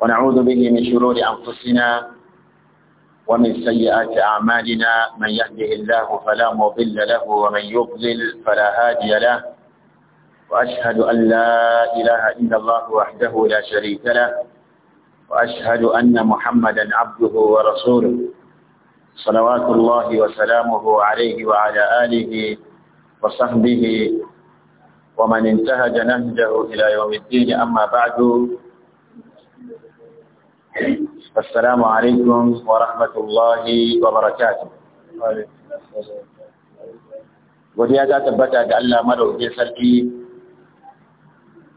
ونعوذ به من شرور أنفسنا ومن سيئات أعمالنا من يهده الله فلا مضل له ومن يضلل فلا هادي له وأشهد أن لا إله إلا الله وحده لا شريك له وأشهد أن محمدا عبده ورسوله صلوات الله وسلامه عليه وعلى آله وصحبه ومن انتهج نهجه إلى يوم الدين أما بعد السلام عليكم ورحمة الله وبركاته godiya ta tabbata da Allah madaukakin sarki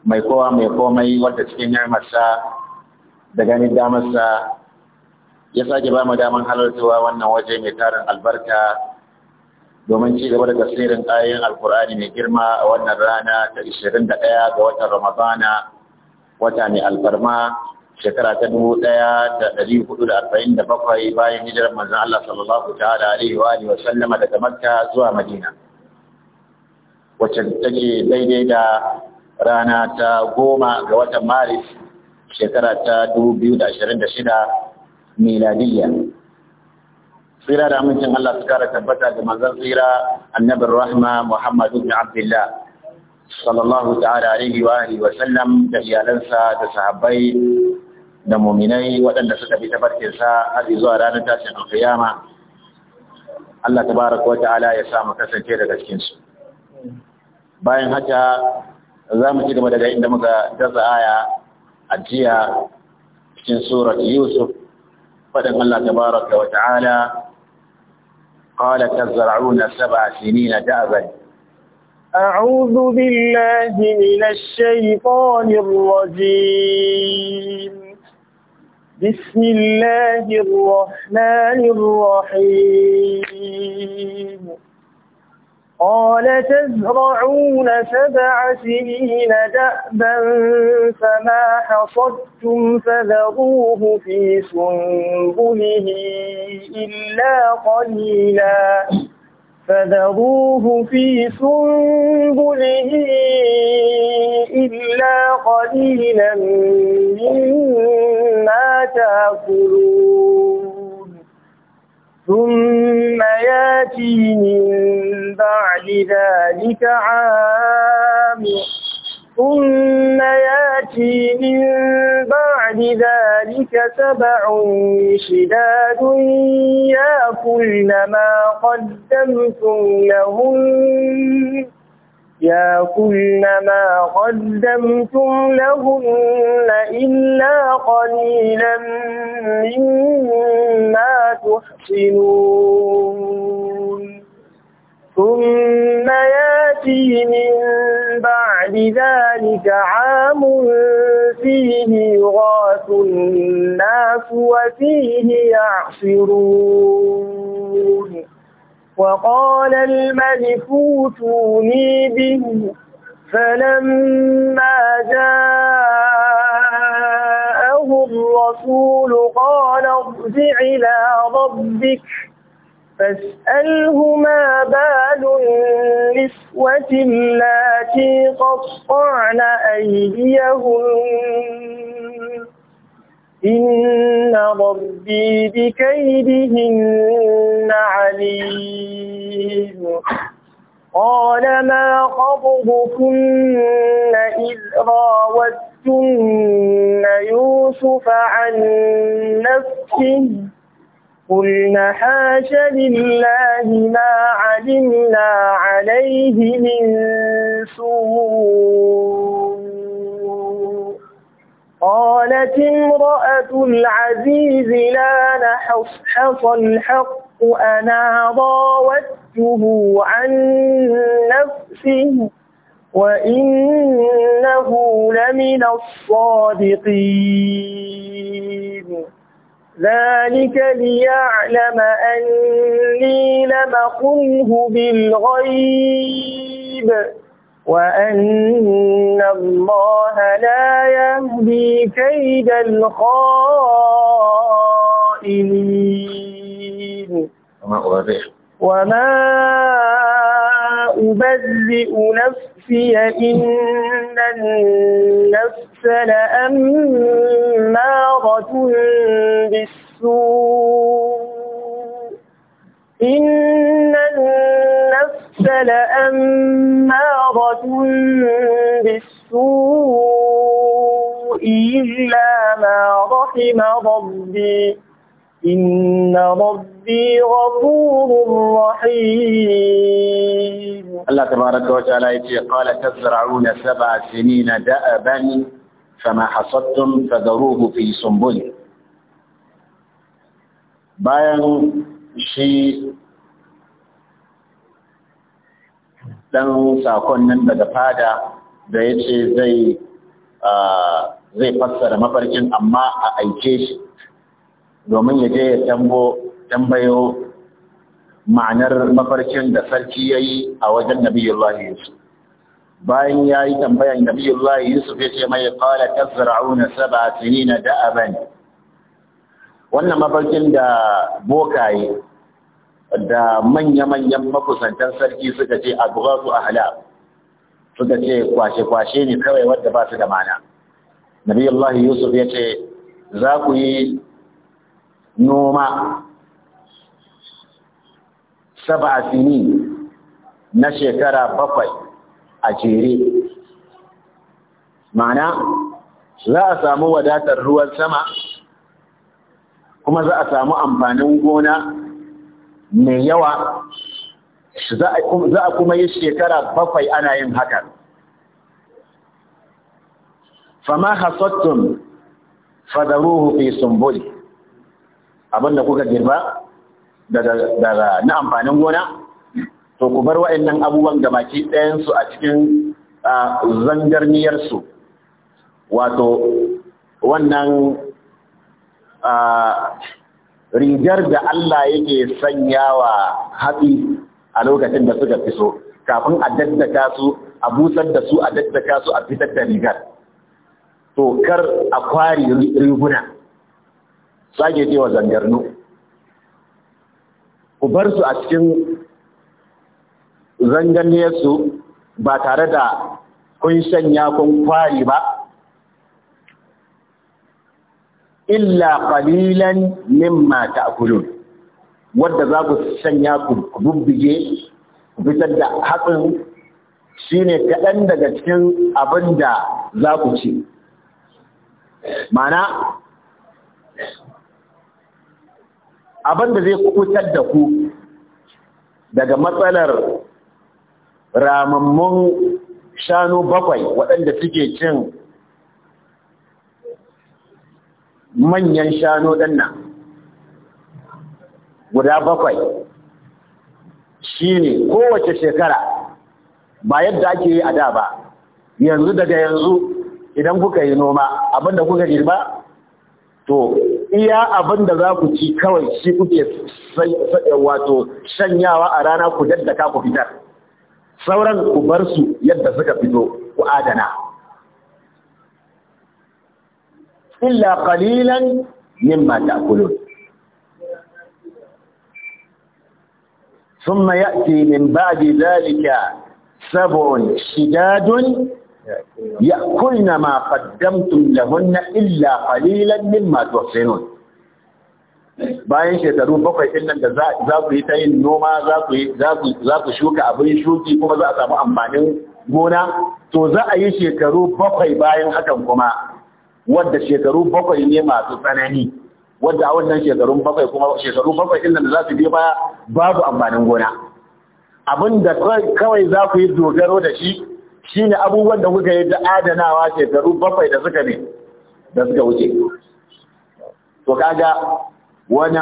mai kowa mai komai wadda cikin ni'marsa da ganin damarsa ya sake ba mu daman halartawa wannan waje mai tarin albarka domin ci gaba da tasirin ayoyin alkur'ani mai girma a wannan rana ta 21 ga watan ramadana wata mai alfarma shekara ta dubu ɗaya da ɗari hudu da arba'in da bakwai bayan hijirar manzan Allah sallallahu ta'ala alaihi wa alihi wa sallama daga Makka zuwa Madina wacce take daidai da rana ta goma ga watan Maris shekara ta dubu biyu da ashirin da shida miladiyya tsira da amincin Allah su kara tabbata ga manzan tsira annabin rahma Muhammadu bin Abdullah sallallahu ta'ala alaihi wa alihi wa sallam da iyalansa da sahabbai da muminai waɗanda suka bi sa har zuwa ranar tashin alkiyama Allah tabaraka wata'ala ya samu kasance daga cikin su bayan haka za mu ci gaba daga inda muka dasa aya a jiya cikin surat yusuf fadan Allah tabaraka wata'ala قال تزرعون سبع سنين دأبا أعوذ بالله من الشيطان الرجيم بسم الله الرحمن الرحيم قال تزرعون سبع سنين دأبا فما حصدتم فذروه في سنبله إلا قليلاً فذروه في سنبله إلا قليلا مما تأكلون ثم ياتي من بعد ذلك عام ثم ياتي من بعد ذلك سبع شداد يأكلن ما قدمتم لهن يأكلن ما قدمتم لهن إلا قليلا مما تحسنون ثم ياتي من بعد ذلك عام فيه يغاث الناس وفيه يعصرون وقال الملك اوتوني به فلما جاءه الرسول قال ارجع إلى ربك فاسألهما بال النسوة التي قطعن أيديهن إن ربي بكيدهن عليم قال ما خطبكن إذ راودتن يوسف عن نفسه قلنا حاش لله ما علمنا عليه من سوء قالت امرأة العزيز لا نحصحص الحق أنا راودته عن نفسه وإنه لمن الصادقين ذلك ليعلم أني لم أخنه بالغيب وأن الله لا يهدي كيد الخائنين وما وأبرئ نفسي إن النفس لأمارة بالسوء إن النفس لأمارة بالسوء إلا ما رحم ربي إن ربي غفور رحيم الله تبارك وتعالى قال تزرعون سبع سنين دأبا فما حصدتم فذروه في سنبله bayan shi ɗan sakon nan daga fada da ya ce zai fassara mafarkin amma a aike shi domin ya je ya tambayo ma'anar mafarkin da sarki ya yi a wajen nabiyullahi yusuf bayan ya yi tambayan nabiyullahi yusuf ya ce mai kala tazra'una sab'a sinina da'aban wannan mafarkin da bokaye da manya-manyan makusantar sarki suka ce a hala suka ce kwashe-kwashe ne kawai wadda ba su da mana nabiyullahi yusuf ya ce za ku yi noma saba sini na shekara bakwai a jere mana za a samu wadatar ruwan sama kuma za a samu amfanin gona mai yawa za a kuma yi shekara bakwai ana yin hakan fama hasottun fadaruhu fi sumbuli abin da kuka girba daga na amfanin gona to ku bar waɗannan abubuwan gabaki ɗayansu a cikin zangarniyarsu wato wannan rigar da Allah yake sanya wa haɗi a lokacin da suka fi so kafin a daddaka su a busar da su a daddaka su a fitar da rigar to kar a kwari riguna ce wa zangarnu ku bar su a cikin zangarniyarsu ba tare da kun shanya kun kwari ba illa qalilan mimma ta'kulun wanda za ku shanya ku bubbuge ku fitar da hatsin shine kaɗan daga cikin abin da za ku ci mana abin da zai kutar da ku daga matsalar ramammun shanu bakwai waɗanda suke cin manyan shanu ɗan nan guda bakwai shi ne kowace shekara ba yadda ake yi a da ba yanzu daga yanzu idan kuka yi noma abinda kuka girba to iya abin da za ku ci kawai shi kuke wato shanyawa a rana ku daddaka ku fitar sauran ku bar su yadda suka fito ku adana illa qalilan mimma ta'kulun thumma ya'ti min ba'di zalika sab'un shidadun يأكلن ما قدمتم لهن إلا قليلا مما تحسنون bayan shekaru bakwai ɗin nan da za ku yi ta yin noma za ku shuka abin shuki kuma za a samu amfanin gona to za a yi shekaru bakwai bayan hakan kuma wadda shekaru bakwai ne masu tsanani wadda a wannan shekarun bakwai kuma shekaru bakwai ɗin nan da za su biya baya babu amfanin gona abin da kawai za ku yi dogaro da shi ne abubuwan da kuka yi da adanawa shekaru bakwai da suka ne da suka wuce to kaga wani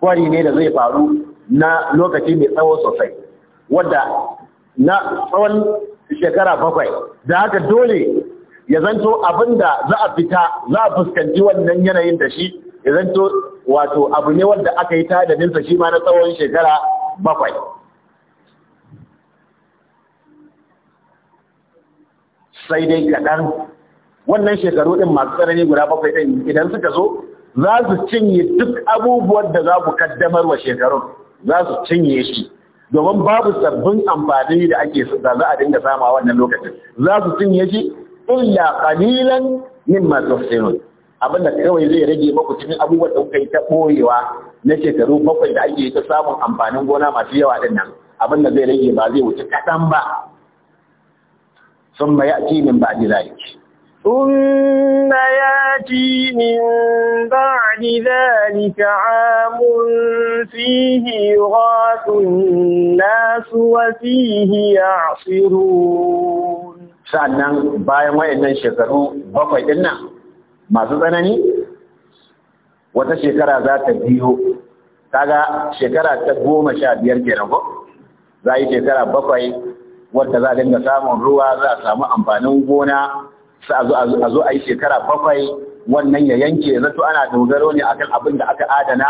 kwari ne da zai faru na lokaci mai tsawo sosai wadda na tsawon shekara bakwai da haka dole ya zanto abin da za a fita za a fuskanci wannan yanayin da shi ya zanto wato abu ne wanda aka yi tadaninsa shi ma na tsawon shekara bakwai sai dai kaɗan wannan shekaru ɗin masu tsanani guda bakwai ɗin idan suka zo za su cinye duk abubuwan da za ku kaddamar wa shekarun za su cinye shi domin babu sabbin amfani da ake da za a dinga sama wannan lokacin za su cinye shi illa qalilan mimma tufsirun abin da kawai zai rage maku cikin abubuwan da kuka yi ta ɓoyewa na shekaru bakwai da ake ta samun amfanin gona masu yawa ɗin nan abin da zai rage ba zai wuce kaɗan ba ثم يأتي من بعد ذلك ثم يأتي من بعد ذلك عام فيه يغاث الناس وفيه يعصرون sannan bayan wayannan shekaru bakwai dinnan, masu tsanani wata shekara za ta biyo kaga shekara ta goma sha biyar kenan ko za yi shekara bakwai wadda za a dinga samun ruwa za a samu amfanin gona sa a zo a yi shekara bakwai wannan ya yanke zato ana dogaro ne akan abin da aka adana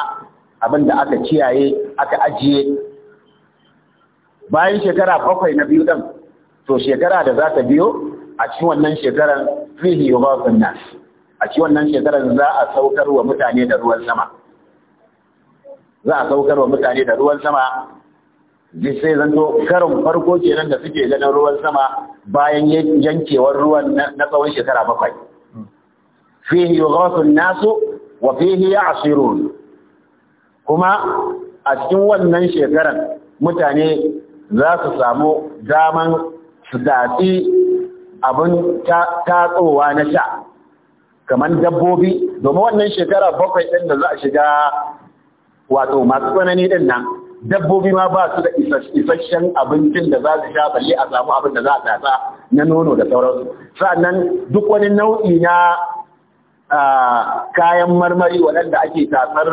abin da aka kiyaye aka ajiye bayan shekara bakwai na biyu ɗin to shekara da za ta biyo a ci wannan shekarar fihi yughafun nas a ci wannan shekarar za a saukar wa mutane da ruwan sama za a saukar wa mutane da ruwan sama sai zanto karin farko kenan da suke ganin ruwan sama bayan yankewar ruwan na tsawon shekara bakwai fihi yughasun nasu wa fihi ya'sirun kuma a cikin wannan shekaran mutane za su samu daman su daɗi abin tatsowa na sha kamar dabbobi domin wannan shekara bakwai ɗin da za a shiga wato masu tsanani ɗin nan dabbobi ma ba su da isasshen abincin da za su sha balle a samu abin da za a tasa na nono da sauransu sa'annan duk wani nau'i na kayan marmari waɗanda ake tasar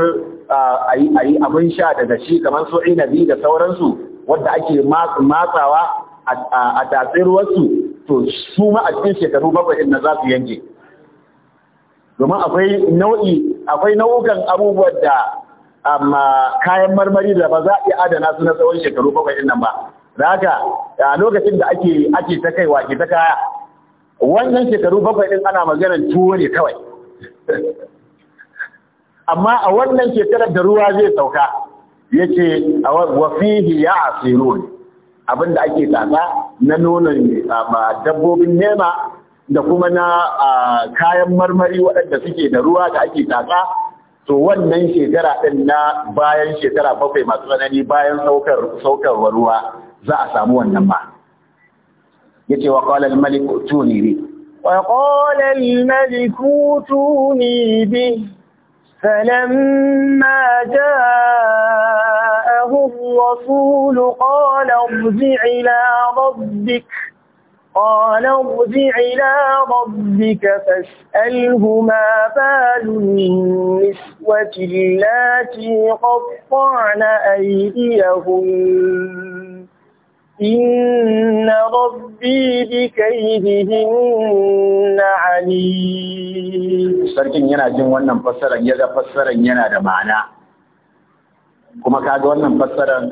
yi abin sha daga shi kamar su inabi da sauransu wadda ake matsawa a tatsar wasu to su ma a cikin shekaru bakwai na za su yanke domin akwai nau'i akwai nau'ukan abubuwan da amma kayan marmari da ba za a iya adana su na tsawon shekaru bakwai din nan ba da haka a lokacin da ake ake ta kaiwa ke ta kaya wannan shekaru bakwai din ana maganar tuwo ne kawai amma a wannan shekarar da ruwa zai sauka yace wa fihi Abin abinda ake tata na nonon dabbobin nema da kuma na kayan marmari waɗanda suke da ruwa da ake tata to wannan shekara din na bayan shekara bakwai masu tsanani bayan saukar saukar ruwa za a samu wannan ba. yace wa qala al malik tuni bi. Wa qala al malik tuni bi, فلما جاءه الرسول قال ارجع الى ربك قال ارجع إلى ربك فاسأله ما بال النسوة اللاتي قطعن أيديهن إن ربي بكيدهن عليم sarkin yana jin wannan ya yaga fassarar yana da ma'ana kuma kaga wannan fassarar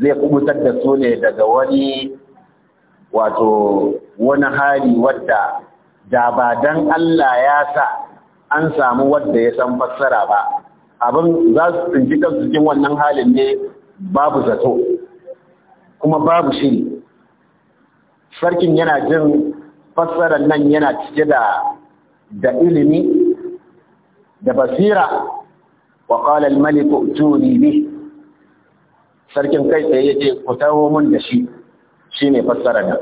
zai kubutar da su ne daga wani wato wani hali wadda da ba don Allah ya sa an samu wadda ya san fassara ba abin za su tsinci kansu cikin wannan halin ne babu zato kuma babu shiri sarkin yana jin fassarar nan yana cike da da ilimi da basira wa qala al-malik bi sarkin kai tsaye yake ku tawo mun da shi shi ne fassara nan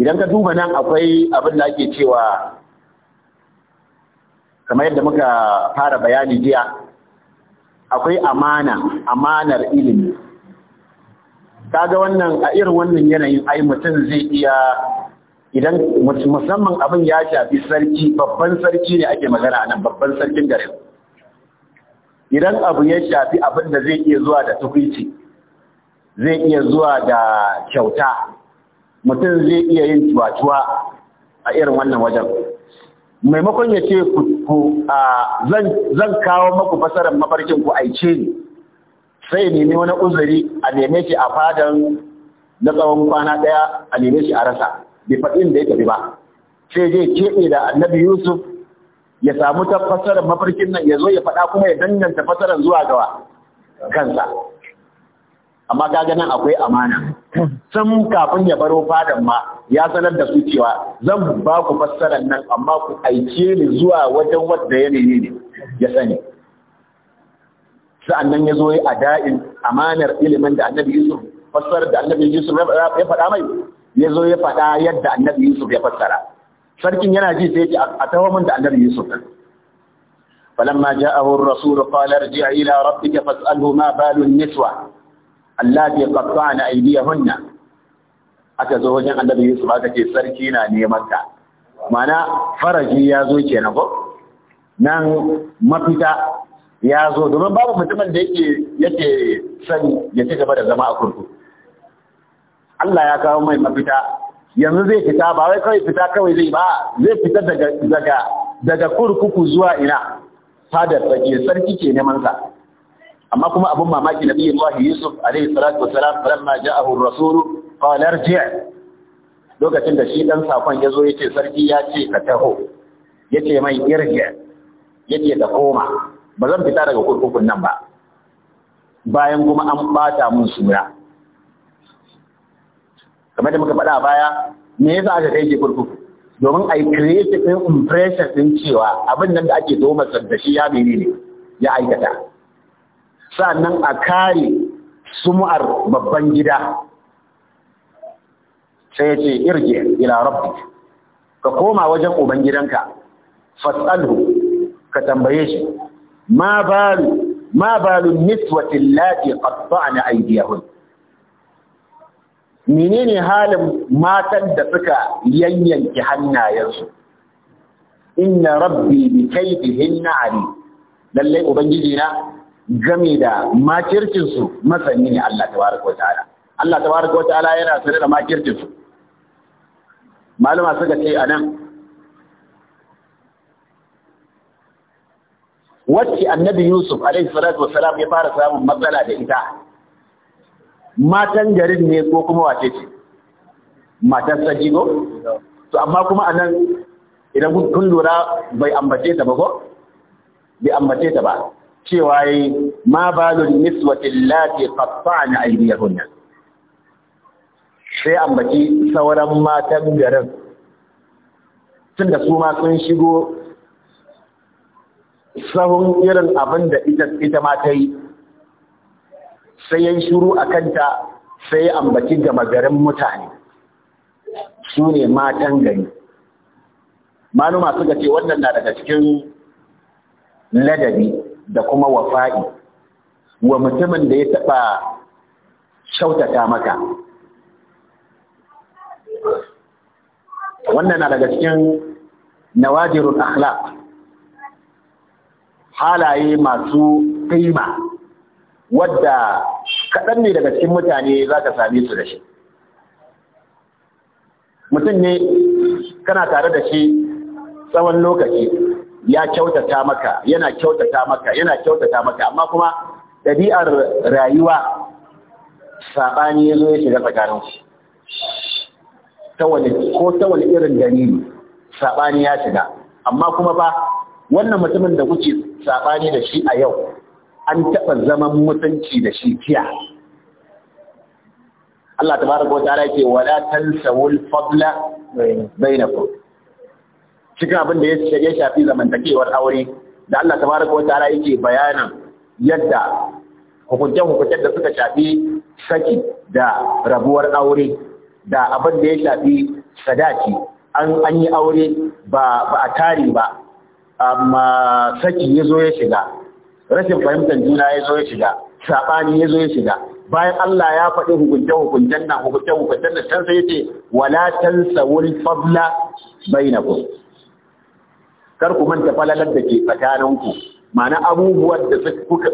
idan ka duba nan akwai abin da ake cewa kamar yadda muka fara bayani jiya akwai amana amanar ilimi kaga wannan a irin wannan yanayin ai mutum zai iya idan musamman abin ya shafi sarki babban sarki ne ake magana nan babban sarkin garin idan abu ya shafi abin da zai iya zuwa da tukwici zai iya zuwa da kyauta mutum zai iya yin tuwatuwa a irin wannan wajen maimakon ya ce ku zan kawo maku fasarar mafarkin ku aice ni sai nemi wani uzuri a neme shi a fadan na tsawon kwana ɗaya a neme shi a rasa bai faɗin da ya tafi ba sai zai keɓe da annabi yusuf ya samu ta mafarkin nan ya zo ya faɗa kuma ya danganta fasarar zuwa gawa kansa amma kaga nan akwai amana san kafin ya baro fadan ma ya sanar da su cewa zan ba ku fassarar nan amma ku aice ni zuwa wajen wadda ya ne ne ya sani sa'annan ya zo yi ada'in amanar ilimin da annabi Yusuf fassarar da annabi Yusuf ya faɗa mai ya zo ya faɗa yadda annabi Yusuf ya fassara sarkin yana ji sai a taho min da annabi Yusuf din falamma ja'ahu ar-rasul qala irji'i ila rabbika fas'alhu ma balu an allati qatta'na aydiyahunna aka zo wajen annabi Yusuf aka ce sarki na neman ka mana faraji ya zo kenan ko nan mafita ya zo domin babu mutumin da yake yake sani ya ci gaba da zama a kurku Allah ya kawo mai mafita yanzu zai fita ba wai kawai fita kawai zai ba zai fita daga daga daga kurkuku zuwa ina fadar sarki sarki ke neman sa amma kuma abin mamaki na nabi wahi Yusuf alaihi salatu wassalam ma ja'ahu ar-rasul qala lokacin da shi dan sakon yazo yace sarki ya ce ka taho yace mai ya yace da koma ba zan fita daga kurkukun nan ba bayan kuma an bata mun sura kamar da muka faɗa baya me yasa aka kai kurkuku domin a create din impression din cewa abin nan da ake zo masa da shi ya menene ya aikata sa'annan a kare sumu'ar babban gida sai ya ce irge ila rabbi ka koma wajen uban gidanka fasalhu ka tambaye shi ma balu ma balu niswatin lati qatta'na aydiyahun menene halin matan da suka yanyanki hannayensu inna rabbi bi kaydihinna ali lalle ubangiji na game da makircinsu masani ne Allah Ta wari ko ta'ala Allah Ta wari ko ta'ala yana sanar da makircinsu malama suka ce a nan, wacce annabi Yusuf alaihi salatu salam ya fara samun matsala da ita matan garin ne ko kuma wace ce matan sajigo to amma kuma a nan idan kun lura bai ambace ta ba ko bai ambace ta ba cewa yi ma balul niswatin lati qatta'na aydiyahunna sai ambaci sauran matan garin tunda su ma sun shigo sahun irin abin da ita ma ta yi sai yin shiru a kanta sai ambaci gama garin mutane su ne matan gari manu suka ce wannan na daga cikin ladabi da kuma wafa'i wa mutumin da ya taɓa kyautata maka wannan na daga cikin nawajirun akhlaq halaye masu kaima wadda kaɗan ne daga cikin mutane za ka same su da shi mutum ne kana tare da shi tsawon lokaci ya kyautata maka yana kyautata maka yana kyautata maka amma kuma ɗabi'ar rayuwa saɓani ya zo ya shiga tsakaninsu ko ta wani irin dalili saɓani ya shiga amma kuma ba wannan mutumin da kuke saɓani da shi a yau an taɓa zaman mutunci da shi kiya Allah tabaraka wa ta'ala ke wala tansawul fadla bainakum cikin abin da ya shafi zamantakewar aure da Allah Ta tabaraka wa ta'ala yake bayanin yadda hukuncen hukuncen da suka shafi saki da rabuwar aure da abin da ya shafi sadaki an yi aure ba a tari ba amma saki ya zo ya shiga rashin fahimtar juna ya zo ya shiga sabani ya zo ya shiga bayan Allah ya faɗi hukuncen hukuncen nan hukuncen hukuncen da can sai yace wala tansawul fadla bainakum kar ku manta falalar da ke tsakaninku ma'ana abubuwan da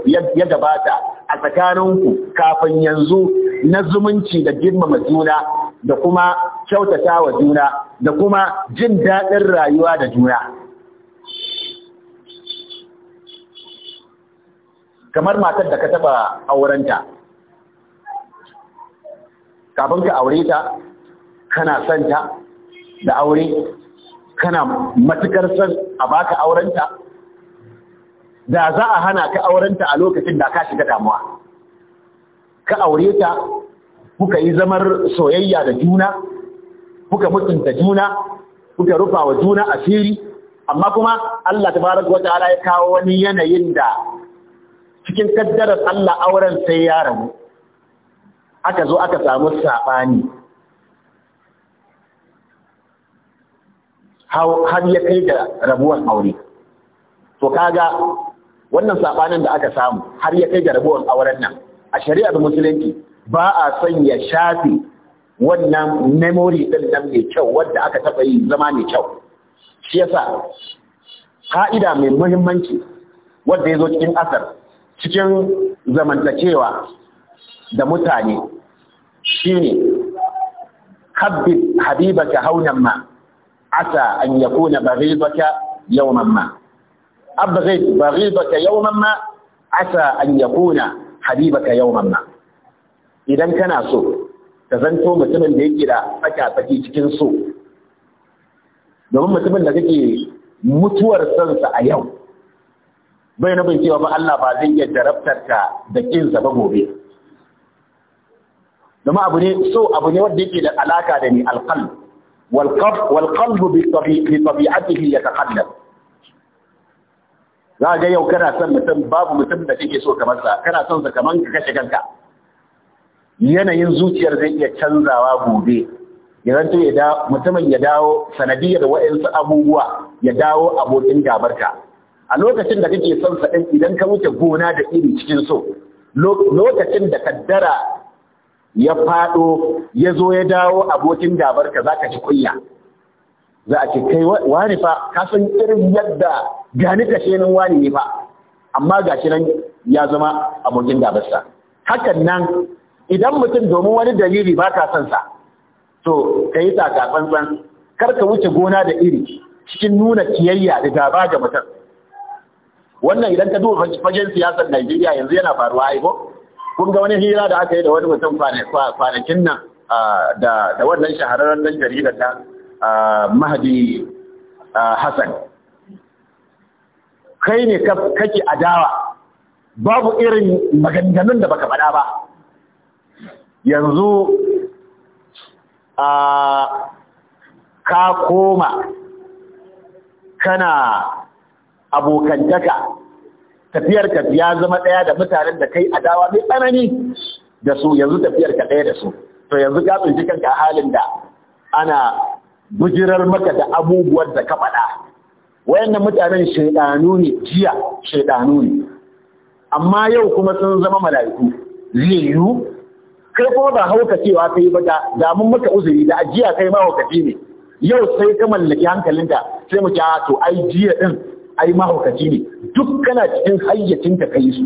ya gabata a tsakaninku kafin yanzu na zumunci da girmama juna da kuma kyautata wa juna da kuma jin daɗin rayuwa da juna kamar matar da ka taɓa aurenta kafin ka aure ta kana son ta da aure kana matukar son a baka aurenta da za a hana ka aurenta a lokacin da ka shiga damuwa ka aure ta kuka yi zamar soyayya da juna kuka mutunta juna kuka rufa wa juna asiri amma kuma Allah tabaraka wa ta'ala ya kawo wani yanayin da cikin kaddarar Allah auren sai ya rabu aka zo aka samu sabani har ya kai ga rabuwar aure to kaga wannan sabanin da aka samu har ya kai ga rabuwar auren nan a shari'ar musulunci ba a son ya shafe wannan memory ɗin nan mai kyau wadda aka taɓa yi zama mai kyau shi yasa ka'ida mai muhimmanci wanda ya zo cikin asar cikin zamantakewa da mutane shine habbib habibaka haunan ma عسى أن يكون بغيضك يوما ما أبغض بغيضك يوما ما عسى أن يكون حبيبك يوما ما إذا كان سوء تزنتو متمن ديكي لا فكا فكي تكن سوء لو متمن لديكي متور سنسا أيوم بين ابن تيوب الله بعدين يجربتك دكين سببه بي لما أبني سوء أبني ودكي لألاكا دني القلب والقلب بطبيعته يتحلل za ga yau kana son mutum babu mutum da kake so kamar sa kana son sa kamar ka kashe kanka yanayin zuciyar zai iya canzawa gobe yanzu ya da mutumin ya dawo sanadiyar wa'ansu abubuwa ya dawo abokin gabarka a lokacin da kake son sa idan ka wuce gona da iri cikin so lokacin da kaddara ya faɗo ya zo ya dawo abokin dabarka za ka ci kunya za a ce kai wani fa ka san irin yadda gani ka nan wani ne fa amma ga shi nan ya zama abokin sa. hakan nan idan mutum domin wani dalili ba ka son sa to ka yi taka tsantsan kar ka wuce gona da iri cikin nuna kiyayya da gaba ga mutum wannan idan ka duba fagen siyasar Najeriya yanzu yana faruwa aibo kun ga wani hira da aka yi da wani mutum kwanakin nan da wannan shahararren dan jarida ta mahadi hassan kai ne kake dawa? babu irin maganganun da baka faɗa ba yanzu ka koma kana abokantaka tafiyar ka ya zama ɗaya da mutanen da kai adawa mai tsanani da su yanzu tafiyar ka ɗaya da su to yanzu ka tsinci kanka halin da ana bujirar maka da abubuwan da ka faɗa wayannan mutanen shaidanu ne jiya shaidanu ne amma yau kuma sun zama mala'iku zai yiwu kai kuma ba hauka cewa kai ba da mun maka uzuri da ajiya kai ma hauka ne yau sai ka mallaki hankalinka sai mu ce to ai jiya din ai mahaukaci ne duk kana cikin hayyacin ka kai su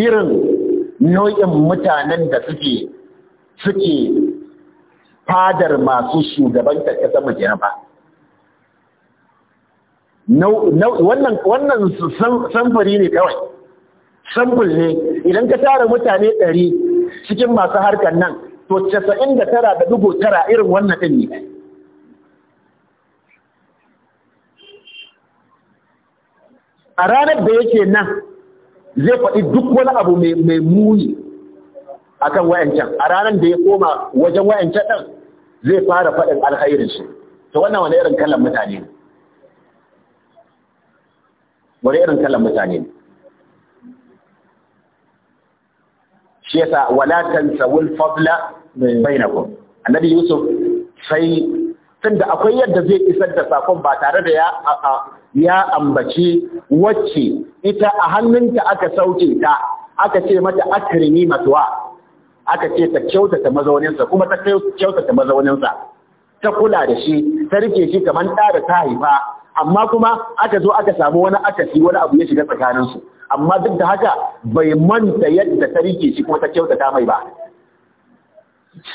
irin nau'in mutanen da suke suke fadar masu shugaban kasa majina ba wannan wannan samfuri ne kawai samfur ne idan ka tara mutane ɗari cikin masu harkar nan to 99.9 irin wannan ɗin ne a ranar da yake nan zai faɗi duk wani abu mai muni a kan wayancan a ranar da ya koma wajen wayancan ɗan zai fara faɗin alhairinsu ta wannan wani irin kallon mutane ne wani irin kallon mutane ne shi yasa wala tansawul fadla bainakum annabi yusuf sai tun da akwai yadda zai isar da sakon ba tare da ya ya ambaci wacce ita a hannunta aka sauke ta aka ce mata akrimi matuwa aka ce ta kyautata mazauninsa kuma ta kyautata mazauninsa ta kula da shi ta rike shi kamar ɗa da ta haifa amma kuma aka zo aka samu wani akasi wani abu ya shiga tsakaninsu amma duk da haka bai manta yadda ta rike shi kuma ta kyautata mai ba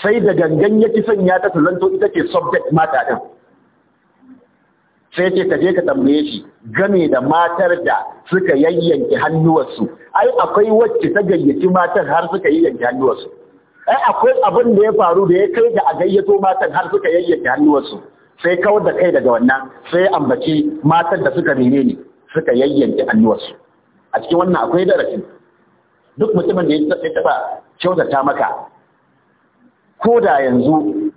sai da gangan ya ki sanya ta ta zanto ita ke subject mata din sai ce ka je ka tambaye shi game da matar da suka yayyanke hannuwarsu ai akwai wacce ta gayyaci matar har suka yayyanke hannuwarsu ai akwai abin da ya faru da ya kai da a gayyato matan har suka yayyanke hannuwarsu sai kawar da kai daga wannan sai ambaci matar da suka mene ne suka yayyanke hannuwarsu a cikin wannan akwai darasi duk mutumin da ya taba kyautata maka ko da yanzu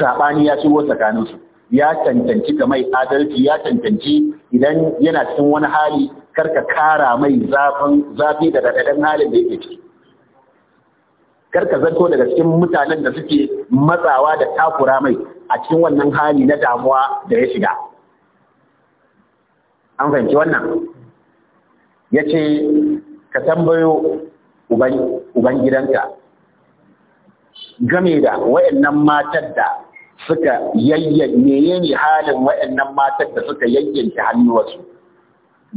saɓani ya shigo tsakaninsu ya cancanci ga mai adalci ya cancanci idan yana cikin wani hali karka kara mai zafi da daɗaɗɗen halin da yake ciki karka zato daga cikin mutanen da suke matsawa da takura mai a cikin wannan hali na damuwa da ya shiga an fahimci wannan ya ce ka tambayo ubangidanka game da wayannan matar da suka yayyan menene halin waɗannan matan da suka yayyanke hannuwarsu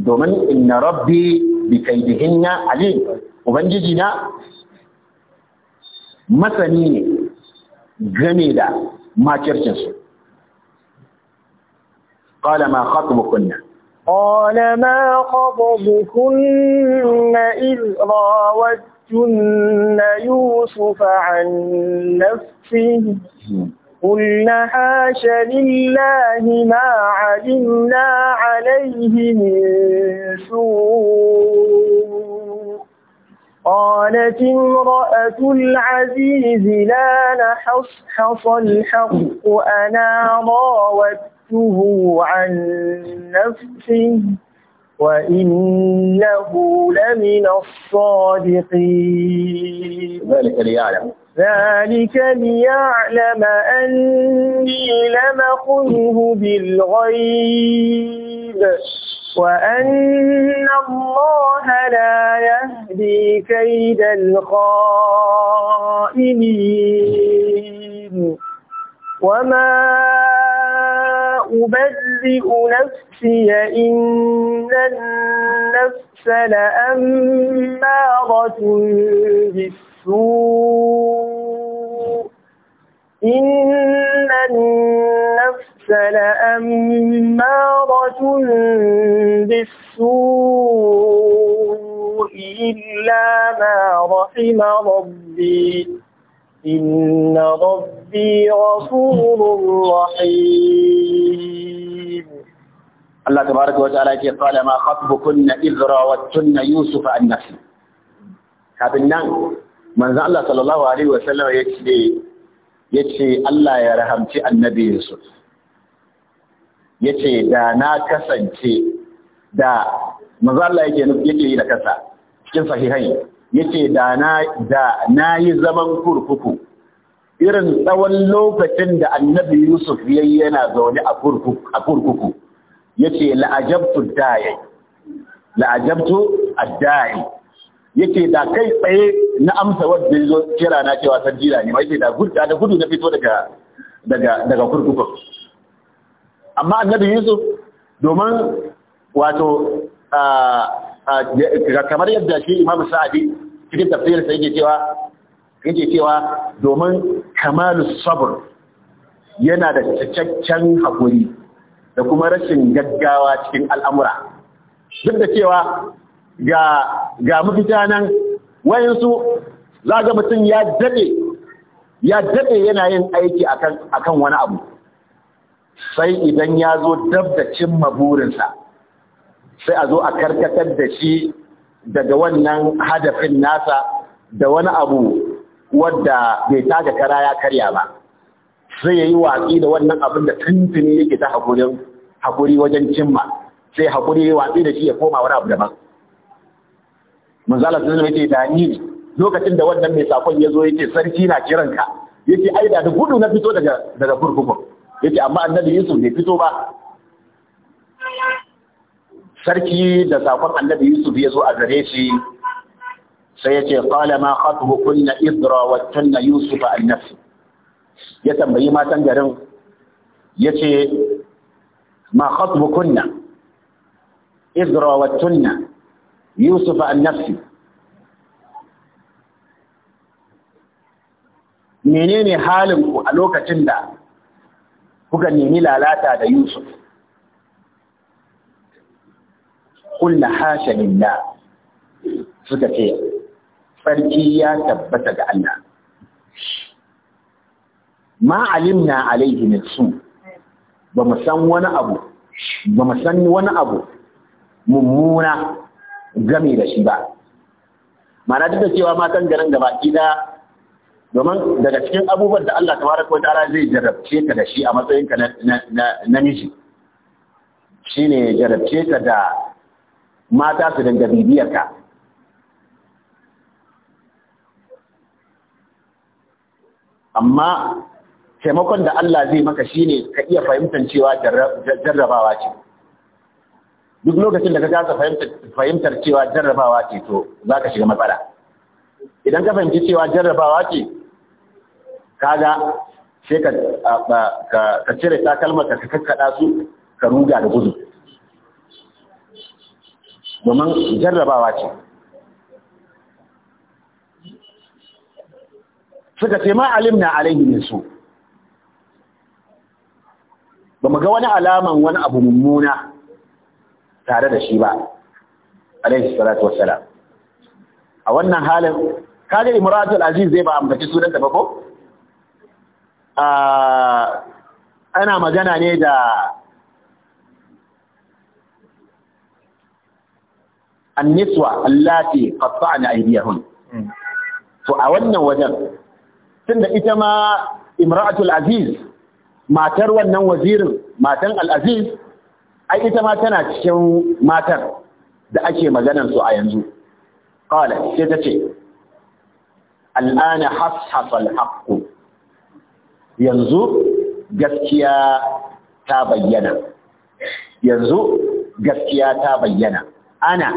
domin inna rabbi bi kaidihinna alim ubangiji na masani ne game da makircin su qala ma khatubukunna قال ما خطبكن إذ راوتن يوسف an nafsihi قلنا حاش لله ما علمنا عليه من سوء قالت امرأة العزيز لا نحصحص الحق أنا راودته عن نفسه وإنه لمن الصادقين ذلك ليعلم ذلك ليعلم أني لم أخنه بالغيب وأن الله لا يهدي كيد الخائنين وما أبرئ نفسي إن النفس لأمارة بالسوء السوء إن النفس لأمارة بالسوء إلا ما رحم ربي إن ربي غفور رحيم الله تبارك وتعالى قال ما خطبكن إذ راوتن يوسف عن نفسه kafin nan manzo Allah sallallahu alaihi wa sallam yace yace Allah ya rahamci annabi Yusuf yace da na kasance da manzo Allah yake yake yi da kasa cikin sahihai yace da na da nayi zaman kurkuku irin tsawon lokacin da annabi Yusuf yayi yana zaune a kurkuku a kurkuku yace la'ajabtu da'i la'ajabtu ad-da'i yake da kai tsaye na amsa wadda ya zo kira na cewa san jira ne mai da gudu da gudu na fito daga daga daga kurkukun amma annabi yusuf domin wato kamar yadda shi imam sa'adi cikin tafsirin sai yake cewa yake cewa domin kamalu sabr yana da cikakken hakuri da kuma rashin gaggawa cikin al'amura duk da cewa ga mafita nan wayansu za ga mutum ya daɗe ya daɗe yana yin aiki akan wani abu sai idan ya zo dab da cimma burinsa sai a zo a karkatar da shi daga wannan hadafin nasa da wani abu wadda bai taka kara ya karya ba sai ya yi watsi da wannan abin da tuntuni yake ta haƙuri wajen cimma sai haƙuri ya watsi da shi ya koma wani abu daban manzala sun yake da ni lokacin da wannan mai sakon ya zo yake sarki na kiran ka yake ai da gudu na fito daga daga kurkukun yake amma annabi Yusuf bai fito ba sarki da sakon annabi Yusuf ya zo a gare shi sai ya ce qala ma kunna idra wa tanna Yusuf an nafsi ya tambayi matan garin ya ce ma kunna idra wa tanna Yusuf an-Nafsi menene halin ku a lokacin da kuka nemi lalata da Yusuf Kulla hasha lillah suka ce sarki ya tabbata ga Allah ma alimna alaihi nafsu ba mu san wani abu ba mu san wani abu mummuna gami da shi ba ma'ana duk da cewa matan garin gaba ɗaya domin daga cikin abubuwan da Allah tabaraka wa ta'ala zai jarabce ka da shi a matsayin ka na namiji ne jarabce ka da mata su dinga bibiyar ka amma taimakon da Allah zai maka shi ne ka iya fahimtar cewa jarrabawa ce duk lokacin da ka kasa fahimtar cewa jarrabawa ce to za ka shiga matsala idan ka fahimci cewa jarrabawa ce kaga sai ka cire takalmar ka kakkaɗa su ka ruga da gudu domin jarrabawa ce suka ce ma alim na alaihi ne su ba mu ga wani alaman wani abu mummuna tare da shi ba alaihi salatu wassalam a wannan halin kaje imratul aziz zai ba ambaci sunan ta ba ko ana magana ne da anniswa allati qatta'na aydiyahun to a wannan wajen tunda ita ma imratul aziz matar wannan wazirin matan al-aziz ai ita ma tana cikin matar da ake maganar su a yanzu qala sai ta ce al'ana hashafal haqqu yanzu gaskiya ta bayyana yanzu gaskiya ta bayyana ana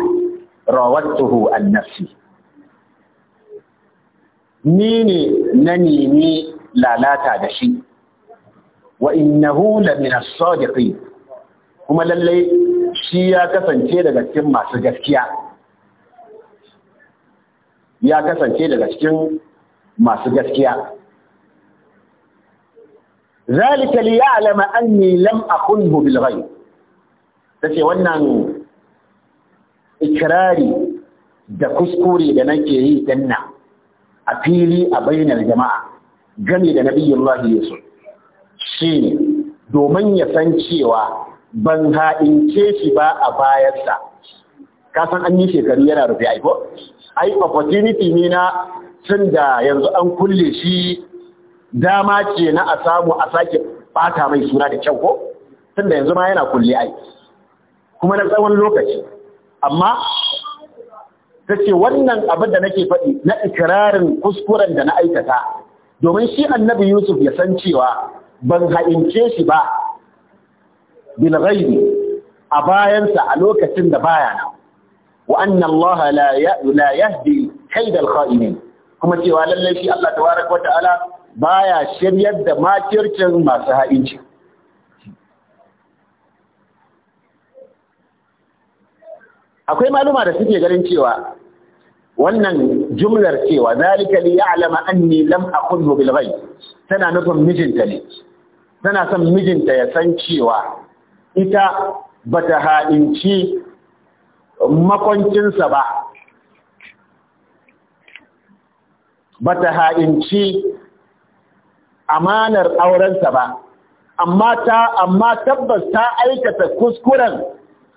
rawattuhu an nafsi ni ne na nemi lalata da shi wa innahu la min as-sadiqin kuma lallai shi ya kasance daga cikin masu gaskiya ya kasance daga cikin masu gaskiya zalika li ya'lama anni lam akhunhu bil ghaib tace wannan ikrari da kuskure da nake yi danna a fili a bainar jama'a game da nabiyullahi yusuf shine domin ya san cewa ban haɗince shi ba a bayansa kasan an yi shekaru yana rufe aiko ai opportunity ne na tun da yanzu an kulle shi dama ce na a samu a sake ɓata mai suna da kyau ko tun da yanzu ma yana kulle ai kuma na tsawon lokaci amma ta ce wannan abin da nake faɗi na ikirarin kuskuren da na aikata domin shi annabi yusuf ya san cewa ban haɗince shi ba bil ne a bayansa a lokacin da baya nan wa anna Allah la yahdi kaidal kha'inin kuma cewa lallai shi Allah tabaraka ta'ala baya shiryar da makircin masu ha'inci akwai maluma da suke ganin cewa wannan jumlar cewa zalika li ya'lama anni lam aqulhu bil ghaib tana nufin mijinta ne tana son mijinta ya san cewa ita ba ta ha'inci makwancinsa ba ba ta ha'inci amanar aurensa ba amma ta amma tabbas ta aikata kuskuren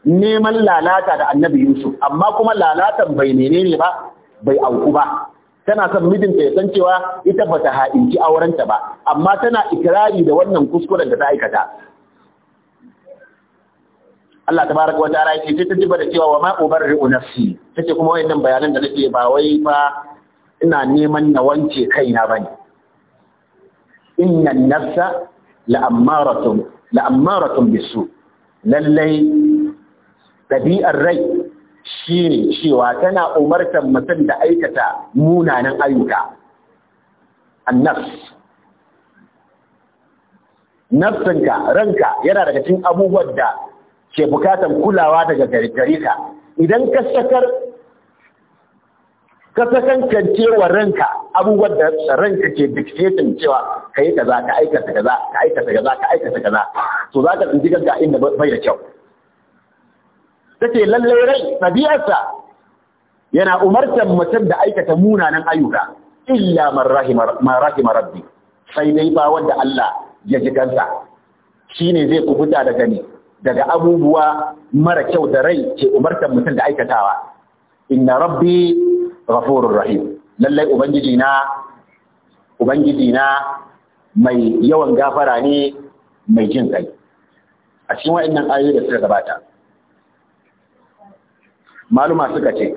neman lalata da annabi Yusuf amma kuma lalatan bai menene ba bai auku ba tana son mijinta ya san cewa ita bata ha'inci aurenta ba amma tana ikirari da wannan kuskuren da ta aikata Allah tabaraka wa wata yake sai ta jiba da cewa wa ma ubarri'u nafsi take kuma wayannan bayanan da nake ba wai fa ina neman na wance kaina bane inna nafsa la'ammaratun la'ammaratun bisu lallai ɗabi'ar rai ne cewa tana umartar mutum da aikata munanan ayyuka annas nafsanka ranka yana daga cikin abubuwan da ke bukatan kulawa daga gari ka idan ka sakar ka sakankance ranka abubuwan da ranka ke dictating cewa ka yi kaza ka aikata kaza ka aikata kaza ka aikata kaza to za ka tsinci kanka inda bai da kyau take lallai rai tabiyarsa yana umartar mutum da aikata munanan ayyuka illa man rahima rabbi sai dai ba wanda Allah ya ji kansa shine zai kubuta daga ni daga abubuwa mara kyau da rai ke umartar mutum da aikatawa inna rabbi ghafurur rahim lallai ubangiji na ubangiji na mai yawan gafara ne mai jin kai a cikin wa'annan ayoyi da suka gabata maluma suka ce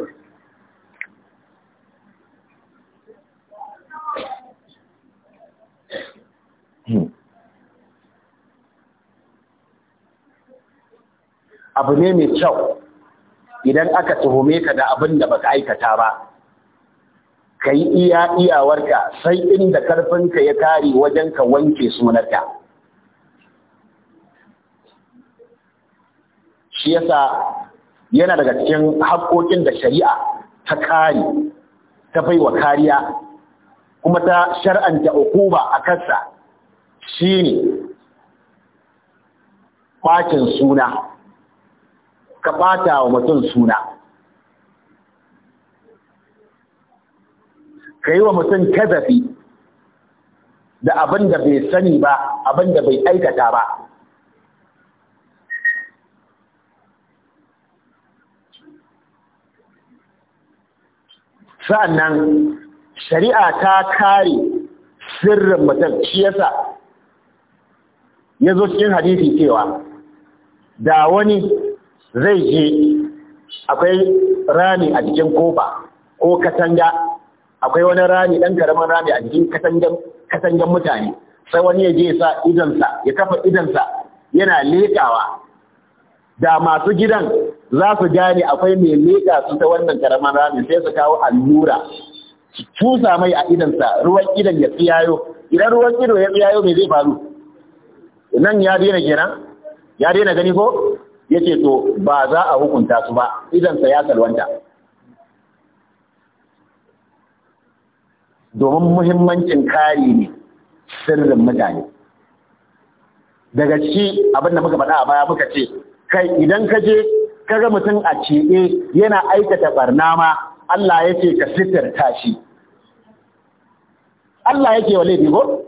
Hmm. abu ne mai kyau idan aka tuhume ka da abin da baka aikata ba ka yi iya iyawarka sai inda karfinka ya kare wajen ka wanke sunarka shi yasa yana daga cikin haƙoƙin da shari'a ta kare ta baiwa kariya kuma ta shar'anta okuba a kansa shi ne ɓacin suna ka ɓata wa mutum suna ka yi wa mutum kazafi da abin da bai sani ba abin da bai aikata ba sa'annan shari'a ta kare sirrin mutum shi yasa ya zo cikin hadisi cewa da wani zai je akwai rami a jikin kofa ko katanga akwai wani rami ɗan karamin rami a jikin katangan mutane sai wani ya je sa idansa ya kafa idansa yana leƙawa da masu gidan za su gane akwai mai leƙa su ta wannan karamin rami sai su kawo allura cusa mai a idansa ruwan idan ya tsiyayo idan ruwan ido ya tsiyayo mai zai faru nan ya daina kenan ya daina gani ko yace to ba za a hukunta su ba idan sa ya salwanta domin muhimmancin kari ne sirrin mutane daga ci abin da muka faɗa a baya muka ce kai idan ka je kaga mutum a ciɗe yana aikata barna ma Allah ya ce ka sitarta shi Allah yake wa laifi ko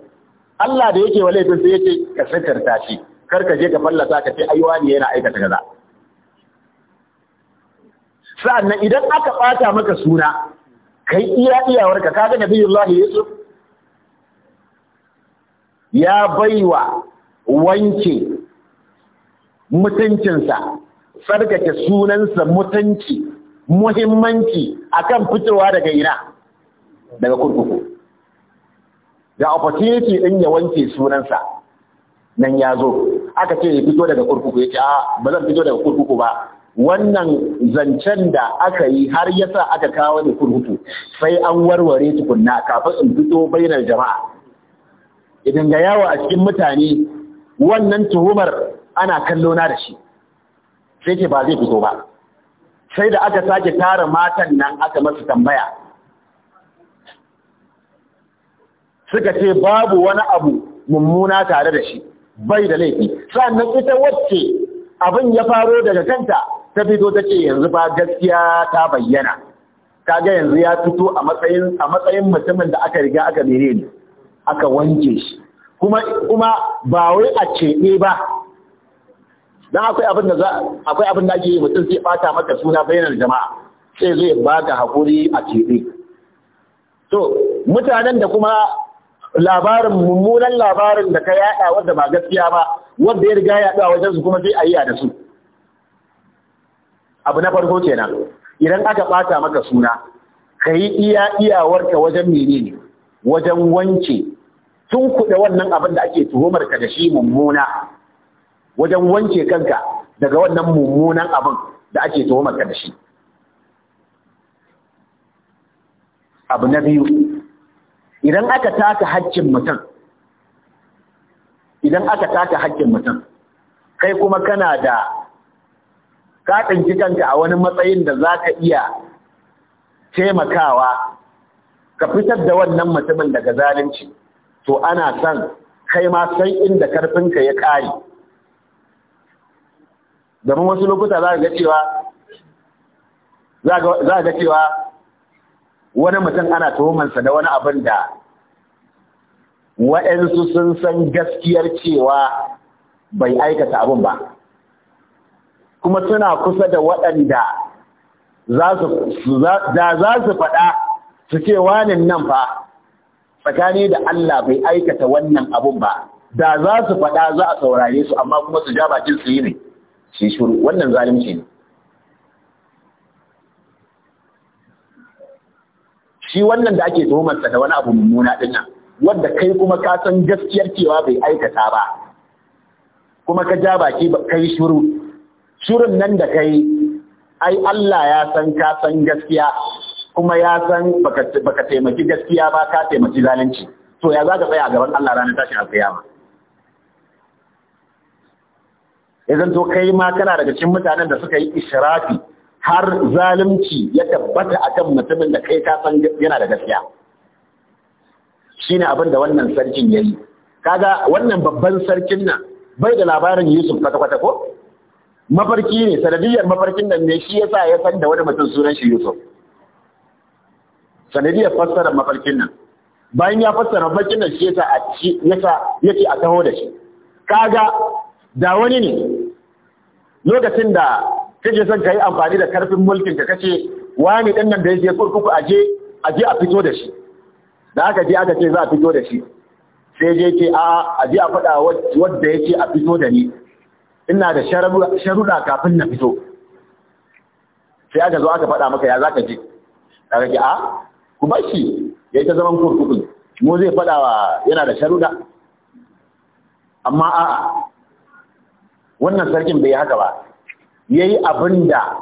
Allah da yake wa laifin sai yake ka sitarta shi kar ka je ka fallasa ka ce aiwa ne yana aikata kaza sa'annan idan aka bata maka suna kai iya iyawarka kaga nabiyullahi yusuf ya baiwa wanke mutuncinsa tsarkake sunansa mutunci muhimmanci akan fitowa daga ina daga kurkuku da opportunity din ya wanke sunansa nan ya zo aka ce ya fito daga kurkuku ya ce a ah, ba zan fito daga kurkuku ba wannan zancen da aka yi har yasa aka kawo ni kurkuku sai an warware tukunna kafin in fito bainar jama'a idan ga yawo a cikin mutane wannan tuhumar ana kallo na da shi sai ke ba zai fito ba sai da aka sake tara matan nan aka masu tambaya suka ce babu wani abu mummuna tare da shi bai da laifi sannan ita wacce abin ya faro daga kanta ta fito ta ce yanzu ba gaskiya ta bayyana kaga yanzu ya fito a matsayin mutumin da aka riga aka mere ne aka wanke shi kuma kuma ba wai a cebe ba dan akwai abin da za akwai abin da ake yi mutum sai bata maka suna bayanar jama'a sai zai baka hakuri a cebe to mutanen da kuma labarin mummunan labarin da ka yada wanda ba gaskiya ba wanda ya riga ya yada wajen su kuma sai a yi da su abu na farko kenan idan aka bata maka suna ka yi iya ka wajen menene wajen wanke tun kuɗa wannan abin da ake tuhumar ka da shi mummuna wajen wanke kanka daga wannan mummunan abin da ake tuhumar ka da shi abu na biyu idan aka taka haƙƙin mutum idan aka taka haƙƙin mutum kai kuma kana da ka tsinci kanka a wani matsayin da za ka iya taimakawa ka fitar da wannan mutumin daga zalunci to ana san kai ma san inda karfinka ya ƙare domin wasu lokuta za ga za ga cewa wani mutum ana tuhumansa da wani abin da waɗansu sun san gaskiyar cewa bai aikata abin ba kuma suna kusa da waɗanda da za su faɗa su ce wanin nan fa tsakani da Allah bai aikata wannan abin ba da za su faɗa za a saurare su amma kuma su ja bakin su yi ne shi shuru wannan zalunci ne shi wannan da ake tuhumarsa da wani abu mummuna din nan wanda kai kuma ka san gaskiyar cewa bai aikata ba kuma ka ja baki kai shuru shurun nan da kai ai Allah ya san ka san gaskiya kuma ya san baka taimaki gaskiya ba ka taimaki zalunci to ya za ka tsaya a gaban Allah ranar tashin alkiyama ya zanto kai ma kana daga cikin mutanen da suka yi ishrafi har zalunci ya tabbata a kan mutumin da kai ka san yana da gaskiya Shi abin da wannan sarkin ya yi kaga wannan babban sarkin nan bai da labarin Yusuf kwata kwata ko mafarki ne sanadiyar mafarkin nan ne shi ya sa ya san da wani mutum sunan shi Yusuf sanadiyar fassara mafarkin nan bayan ya fassara mafarkin nan shi sa a ci yasa yake a taho da shi kaga da wani ne lokacin da kake son ka yi amfani da karfin mulkin ka kace wani ɗan nan da yake kurkuku aje aje a fito da shi da aka je aka ce za a fito da shi sai je ce a aje a faɗa wanda yake a fito da ni ina da sharuda kafin na fito sai aka zo aka faɗa maka ya za ka je daga ke a ku bar shi ya yi ta zaman kurkukun mu zai faɗa wa yana da sharuda. amma a wannan sarkin bai haka ba ya yi abin da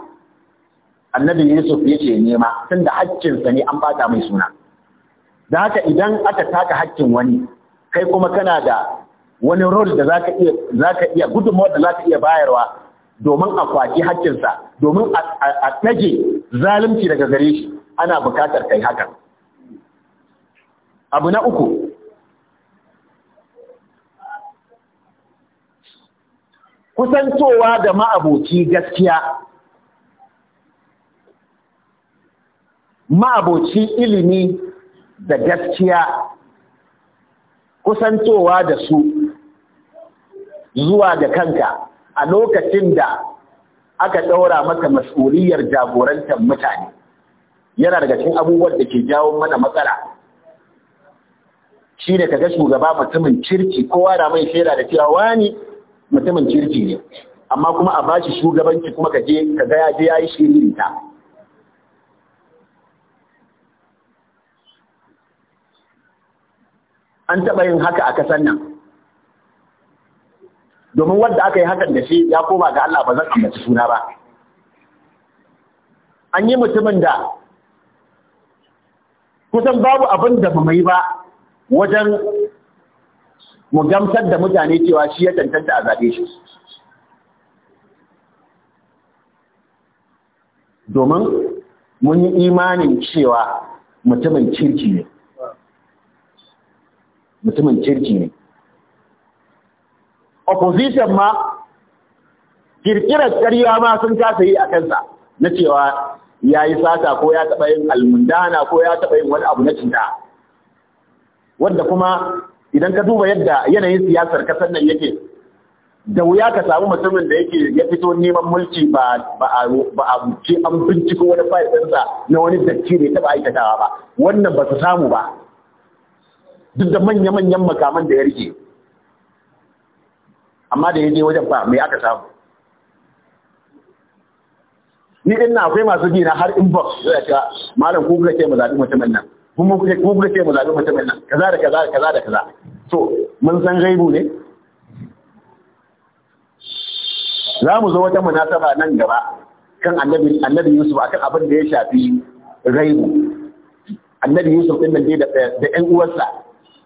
annabi Yusuf ya ce nema tun da haƙƙinsa ne an bata mai suna. Da haka idan aka taka haƙƙin wani, kai kuma kana da wani rol da za ka iya gudunmawar da za ka iya bayarwa domin a kwaki haƙƙinsa, domin a tage zalunci daga gare shi ana bukatar kai hakan. Abu na uku, kusantowa da ma'aboci gaskiya ma'aboci ilimi da gaskiya kusantowa da su zuwa da kanka a lokacin da aka ɗaura maka mas'uliyar jagorantar mutane yana daga cikin abubuwan da ke jawo mana matsala shi ne ka ga shugaba mutumin kirki kowa da mai shaida da cewa wani mutumin kirki ne amma kuma a bashi shugabanci kuma ka je ka ga ya je yi shirin ta an taɓa yin haka a kasan nan domin wanda aka yi hakan da shi ya koma ga Allah ba zan ambaci suna ba an yi mutumin da kusan babu abin da mai ba wajen mu gamsar da mutane cewa shi ya tantanta a zaɓe shi domin mun yi imanin cewa mutumin kirki ne mutumin kirki ne opposition ma kirkirar ƙarya ma sun kasa yi a kansa na cewa ya yi sata ko ya taɓa yin almundana ko ya taɓa yin wani abu na cinta wanda kuma idan ka duba yadda yanayin siyasar kasar nan yake da wuya ka samu mutumin da yake ya fito neman mulki ba a ce an binciko wani fayil na wani datti da ya taɓa aikatawa ba wannan ba su samu ba duk da manya-manyan makaman da ya rike amma da ya je wajen ba mai aka samu ni ina na akwai masu gina har inbox zai ce malam ko kuka ce mu zaɓi mutumin nan kuma kuka ce mu zaɓi mutumin nan kaza da kaza da kaza da kaza so mun san gaibu ne za mu zo wata munasaba nan gaba kan annabi annabi Yusuf akan abin da ya shafi gaibu annabi Yusuf din nan da da ƴan uwarsa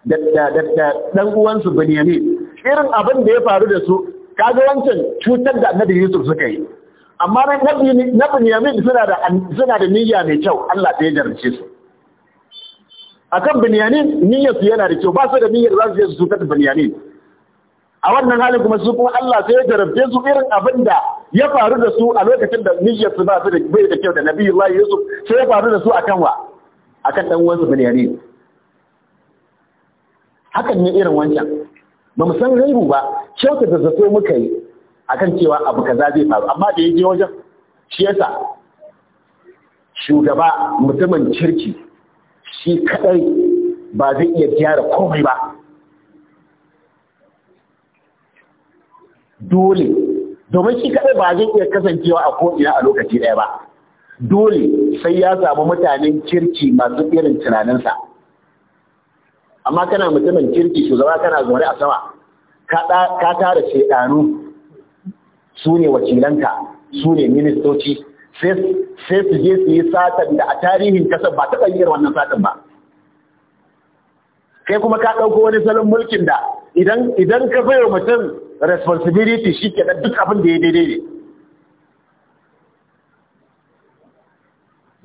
da da dan uwansu Binyamin irin abin da ya faru da su kaga wancan cutar da annabi Yusuf suka yi amma na Binyamin suna da suna da niyya mai kyau Allah ta ya jarrace su akan niyyar niyyarsu yana da kyau ba su da niyyar za su yi su da a wannan halin kuma su kuma Allah sai ya jarabce su irin abin da ya faru da su a lokacin da niyyar su ba su da bai da kyau da Nabi Allah Yusuf sai ya faru da su akan wa akan dan uwansa binyanin hakan ne irin wancan ba mu san gaibu ba shauka da zato muka yi akan cewa abu kaza zai faru amma da ya je wajen shi yasa shugaba mutumin kirki shi kadai ba zai iya gyara komai ba dole domin shi kadai ba zai iya kasancewa a ko'ina a lokaci ɗaya ba dole sai ya samu mutanen kirki masu irin tunaninsa amma kana mutumin kirki shugaba kana zaune a sama ka tara shaidanu su ne wakilanka su ne ministoci sai su je su yi satan da a tarihin kasar ba taɓa yin wannan satan ba kai kuma ka ɗauko wani salon mulkin da idan ka bai wa mutum responsibility shi ke duk abin da ya daidai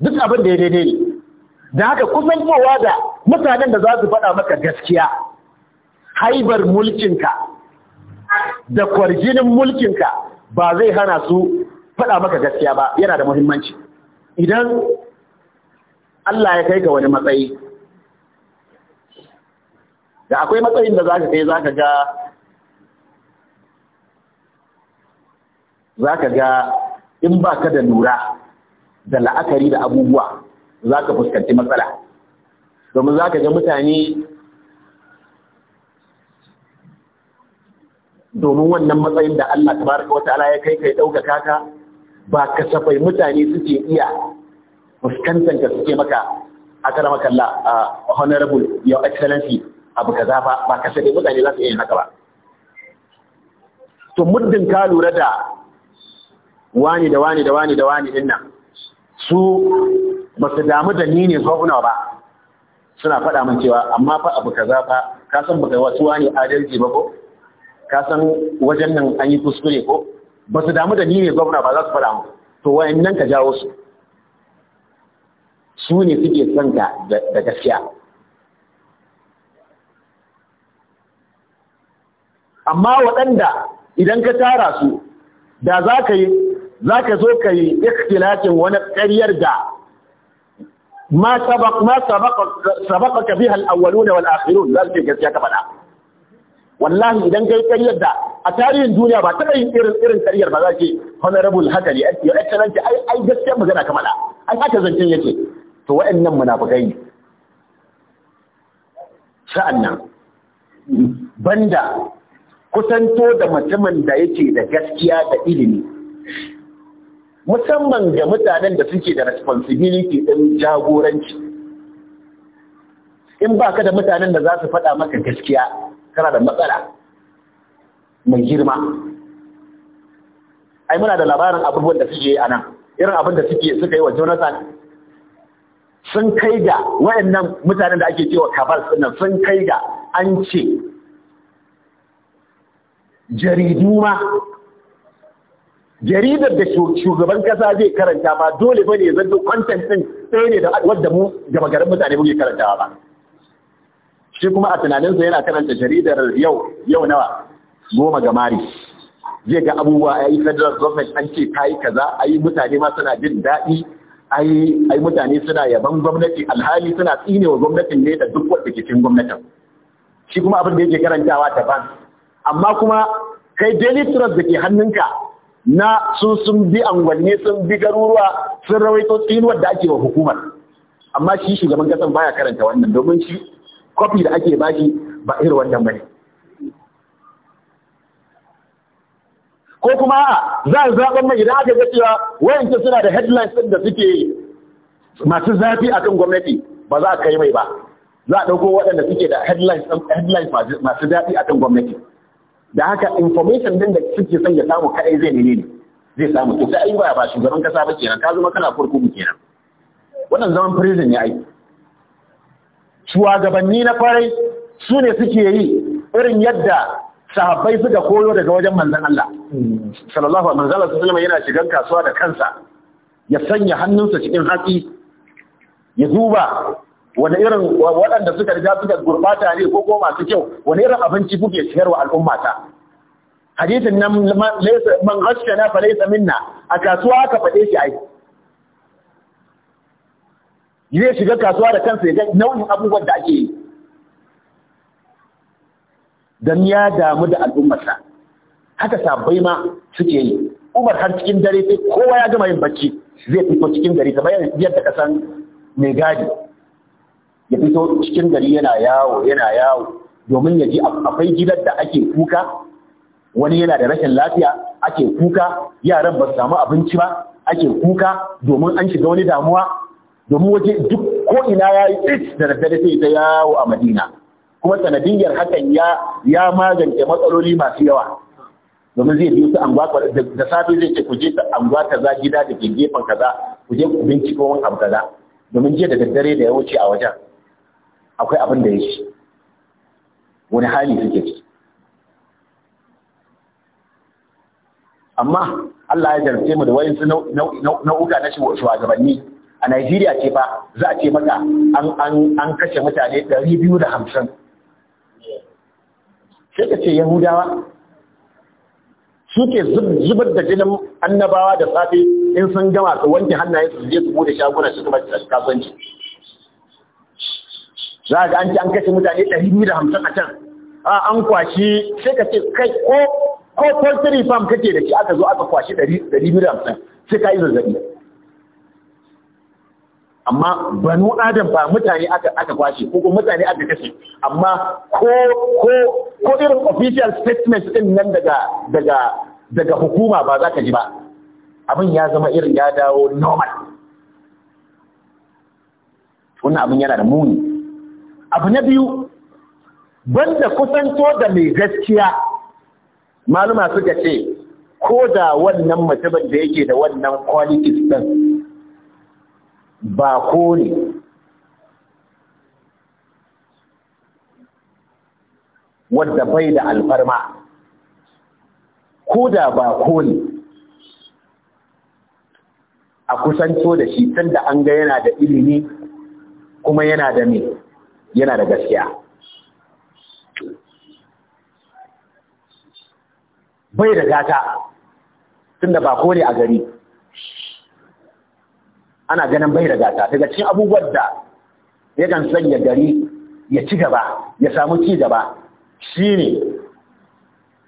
ne duk abin da ya daidai ne da haka kusantowa da mutanen da za su faɗa maka gaskiya haibar mulkinka da kwarjinin mulkinka ba zai hana su faɗa maka gaskiya ba yana da muhimmanci idan Allah ya kai ka wani matsayi da akwai matsayin da za ka kai za ka ga in ba ka da lura da la'akari da abubuwa za ka fuskanci matsala domin za ka ga mutane domin wannan matsayin da Allah ta wata ala ya kai kai ɗaukaka ka ba kasafai mutane suke iya fuskantar da suke maka a kara makalla a honorable your excellency abu kaza ba ba kasafai mutane za su iya haka ba to muddin ka lura da wani da wani da wani da wani din nan su ba su damu da ni ne gwamna ba suna faɗa min cewa amma fa abu kaza fa ka san baka wasu wani adalci ba ko ka san wajen nan an yi kuskure ko ba su damu da ni ne gwamna ba za su faɗa mu to nan ka jawo su su ne suke son ka da gaskiya amma waɗanda idan ka tara su da za ka yi za ka zo ka yi ikhtilafin wani ƙaryar da ma sabaka bihal awwaluna wal akhirun za su ke gaskiya ka faɗa wallahi idan kai karyar da a tarihin duniya ba ta yin irin irin karyar ba za ce honorable haka ne your excellence ai ai gaskiya magana kamala ai haka zancen yake to wa'annan munafikai nan, banda kusanto da mutumin da yake da gaskiya da ilimi musamman ga mutanen da suke da responsibility ɗin jagoranci in baka da mutanen da za su faɗa maka gaskiya kana da matsala mai girma ai muna da labarin abubuwan da suke a nan irin abin da suke suka yi wa jonathan sun kai ga waɗannan mutanen da ake cewa sun nan sun kai ga an ce jaridu ma jaridar da shugaban kasa zai karanta ba dole ba ne zai kwantan din ɗaya ne da wadda mu gaba garin mutane muke karantawa ba shi kuma a tunaninsa yana karanta jaridar yau yau nawa goma ga mari zai ga abubuwa ya yi federal government an ce ta yi kaza a yi mutane ma suna jin daɗi a yi mutane suna yaban gwamnati alhali suna tsinewa gwamnatin ne da duk wadda cikin gwamnatin shi kuma abin da yake karantawa daban amma kuma kai daily trust da ke hannunka na su sun bi angwanni sun bi garuruwa sun rawaito tsinuwar da ake wa hukumar amma shi shugaban kasan baya karanta wannan domin shi kofi da ake bashi ba irin wannan bane ko kuma za a zaɓen mai idan aka ga cewa wayanke suna da headlines ɗin da suke masu zafi a kan gwamnati ba za a kai mai ba za a ɗauko waɗanda suke da headlines masu daɗi a kan gwamnati da haka information ɗin da suke son ya samu kaɗai zai nene ne zai samu to sai ai ba shugaban kasa ba kenan ka zama kana kurkuku kenan wannan zaman prison ne ai shugabanni na farai su ne suke yi irin yadda sahabbai suka koyo daga wajen manzan Allah sallallahu alaihi wasallam yana shigar kasuwa da kansa ya sanya hannunsa cikin hatsi ya duba wani irin waɗanda suka riga suka gurbata ne ko ko masu kyau wani irin abinci kuke wa al'ummata hadisin nan man ghashana fa laysa minna a kasuwa aka faɗe shi ai zai shiga kasuwa da kansa ya ga nauyin abubuwan da ake yi don ya damu da al'ummarsa haka sabbai ma suke yi umar har cikin dare sai kowa ya gama yin bacci zai fito cikin gari kamar yadda kasan mai gadi ya fito cikin gari yana yawo yana yawo domin ya ji akwai gidan da ake kuka wani yana da rashin lafiya ake kuka yaran ba su samu abinci ba ake kuka domin an shiga wani damuwa domin waje duk ko ina ya yi tsit da daddare sai ta yawo a madina kuma sanadiyar hakan ya magance matsaloli masu yawa domin zai biyu su anguwa da safi zai ce ku je gwata kaza gida da ke gefen kaza ku je ku binciko wani abu kaza domin jiya da daddare da ya wuce a wajen akwai abin da ya ci wani hali suke ci amma Allah ya jarce mu da wayansu nau'uka na shugabanni a Najeriya ce fa za a ce maka an kashe mutane 250 sai ka ce yahudawa suke zubar da jinin annabawa da safe in sun gama su wanke hannaye su je su bude shaguna su kuma kasuwanci za ga an ce an kashe mutane 250 a can an kwashi sai ka ce kai ko ko poultry farm kake da shi aka zo aka kwashi 250 sai ka yi zazzabi amma banu adam ba mutane aka aka kwashe ko kuma mutane aka kashe amma ko ko ko irin official statement din nan daga daga daga hukuma ba za ka ji ba abin ya zama irin ya dawo normal wannan abin yana da muni abu na biyu banda kusanto da mai gaskiya maluma suka ce ko da wannan mutumin da yake da wannan qualities din ba ne wadda bai da alfarma ko da ba ne? a kusanto da shi tun da an ga yana da ilimi kuma yana da me yana da gaskiya bai da gata tun da ba ne a gari ana ganin bai da gata daga cikin abubuwan da yakan sanya gari ya ci gaba ya samu ci gaba shi ne.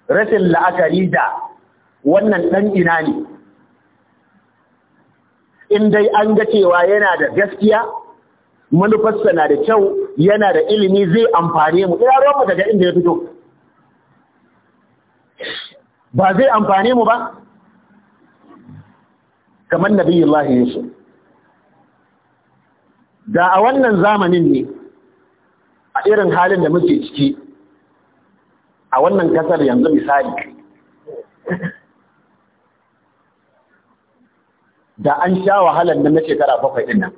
rashin la'akari da wannan ɗan ina ne in dai an ga cewa yana da gaskiya manufarsa na da kyau yana da ilimi zai amfane mu ina ruwan daga inda ya fito ba zai amfane mu ba kamar yi su da a wannan zamanin ne a irin halin da muke ciki a wannan kasar yanzu misali da an sha wahalar da na shekara bakwai ɗin nan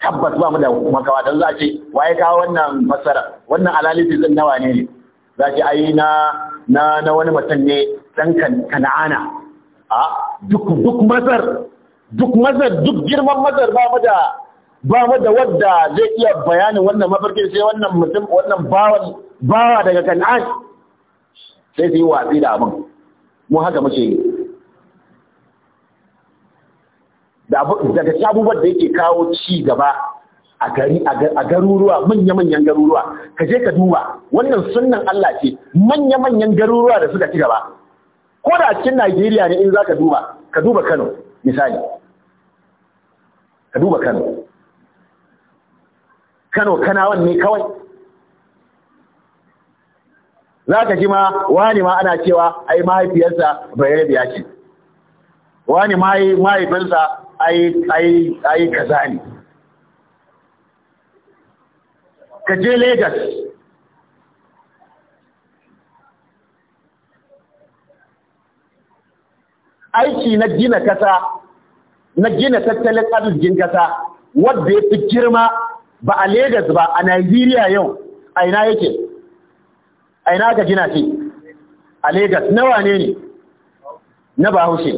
tabbas ba mu da makawa don za a ce waye kawo wannan fassara wannan alalisi zan nawa ne ne za a ce ai na na na wani mutum ne dan kana'ana a duk duk masar duk masar duk girman masar ba mu da ba mu da wadda zai iya bayanin wannan mafarkin sai wannan mutum wannan bawan bawa daga kan'an sai su yi watsi da abin mu haka muke yi daga ci abubuwan da yake kawo ci gaba a gari a garuruwa manya-manyan garuruwa ka je ka duba wannan sunnan Allah ce manya-manyan garuruwa da suka ci gaba ko da cikin Najeriya ne in za ka duba ka duba Kano misali ka duba Kano kano kanawan ne kawai za ka ji ma wani ma ana cewa ai mahaifiyarsa ya ce wani mahaifinsa ai kaza ne ka je Legas. aiki na gina kasa na gina tattalin arzikin kasa wadda ya fi girma ba a Legas ba a Najeriya yau a ina yake a ina aka gina ce a Legas na wane ne na Bahaushe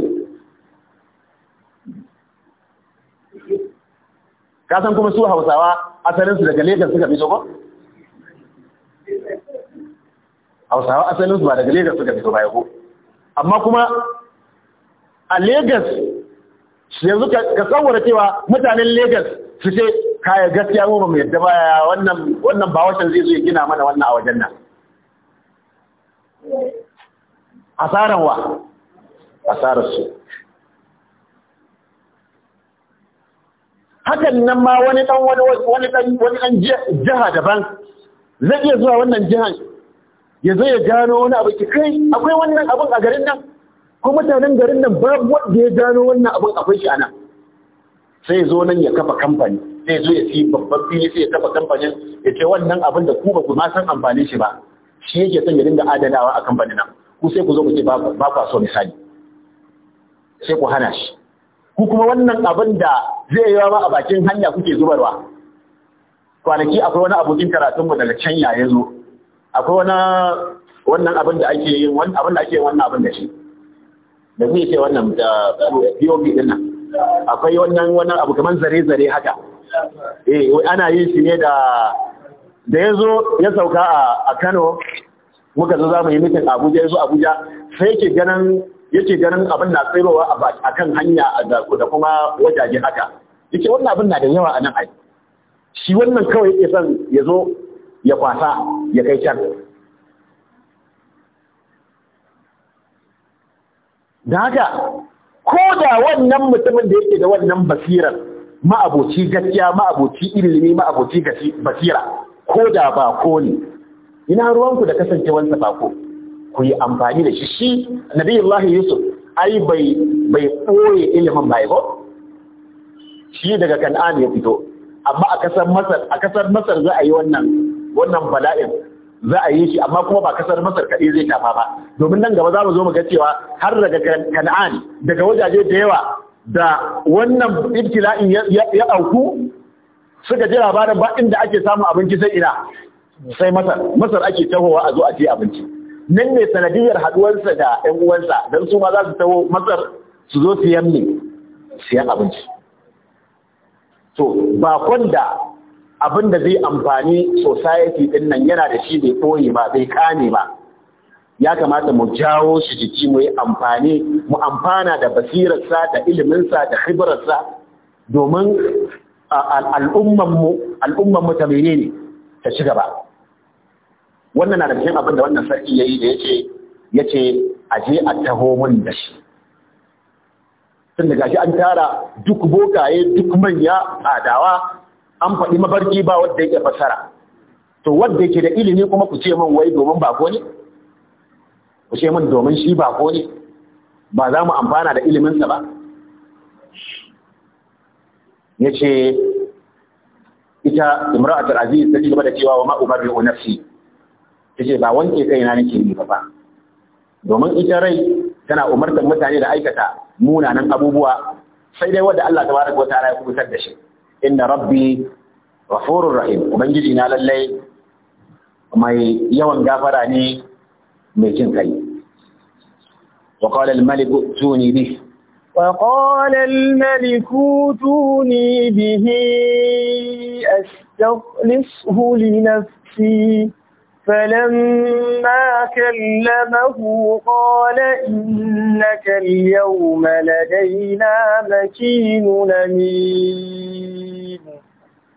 ka san kuma su Hausawa asalinsu daga Legas suka fito ko Hausawa asalinsu ba daga Legas suka fito ba ko amma kuma a Legas yanzu ka tsawara cewa mutanen Legas su ce kaya gaskiya mu mai yadda baya wannan wannan ba wacce zai zo ya gina mana wannan a wajen nan asaran wa a su hakan nan ma wani dan wani wani dan wani dan jiha daban zai iya zuwa wannan jihan ya zo ya gano wani abu ki kai akwai wannan abun a garin nan ko mutanen garin nan babu wanda ya gano wannan abun akwai shi a nan sai zo nan ya kafa kamfani sai zo ya fi babban fili sai ya kafa kamfanin ya ce wannan abin da ku ba ku ma san amfanin shi ba shi yake son ya dinga adanawa a kamfanin nan ku sai ku zo ku ce ba ku so misali sai ku hana shi ku kuma wannan abin da zai yi ma a bakin hanya kuke zubarwa kwanaki akwai wani abokin mu daga can ya zo akwai wani wannan abin da ake yin abin da ake wannan abin da shi da zai ce wannan da POP din nan akwai wannan wannan abu kamar zare-zare haka eh ana yin shi ne da da ya ya sauka a Kano muka zo za mu yi mitin Abuja Yanzu Abuja sai yake ganin yake ganin abin na tsirowa a kan hanya da kuma wajaje haka yake wannan abin na da yawa a nan ai shi wannan kawai yake son ya zo ya kwasa ya kai can da haka ko da wannan mutumin da yake da wannan basirar ma'aboci gaskiya ma'aboci ilimi ma'aboci basira ko da ba ko ne ina ruwanku da kasancewansa ba ko ku yi amfani da shi shi nabiyullahi yusuf ai bai bai ɓoye ilimin bai ba shi daga kan'an ya fito amma a kasar masar masar za a yi wannan wannan bala'in za a yi shi amma kuma ba kasar Masar kaɗe zai tafa ba domin nan gaba za mu zo mu ga cewa har daga Kan'an daga wajaje da yawa da wannan ibtila'in ya auku suka je labarin ba inda ake samun abinci sai ina sai Masar Masar ake tahowa a zo a ci abinci nan ne sanadiyar haɗuwarsa da ƴan uwansa dan su ma za su taho Masar su zo siyan ne siyan abinci to bakon da abin da zai amfani society din nan yana da shi bai ɓoye ba bai kane ba ya kamata mu jawo shi jiki mu yi amfani mu amfana da basirarsa da iliminsa da hibirarsa domin al'ummanmu mu ta menene ta ci gaba wannan na da cikin abin da wannan sarki ya yi da yace yace aje a taho mun da shi tun da gashi an tara duk bokaye duk manya adawa an faɗi mabarki ba wadda yake fasara to wadda yake da ilimi kuma ku ce min wai domin ba ko ne ku ce min domin shi ba ko ne ba za mu amfana da iliminsa ba ya ce ita imra'atul aziz ta ci gaba da cewa wa yau ri'u nafsi ta ce ba wanke kaina nake yi ba domin ita rai tana umartar mutane da aikata munanan abubuwa sai dai wadda Allah ta wa ta'ala ya kubutar da shi إن ربي غفور رحيم وبنجدنا للي ومي يوان غفراني ميتين كي وقال الملك توني به وقال الملك توني به أستخلصه لنفسي فلما كلمه قال إنك اليوم لدينا مكين أمين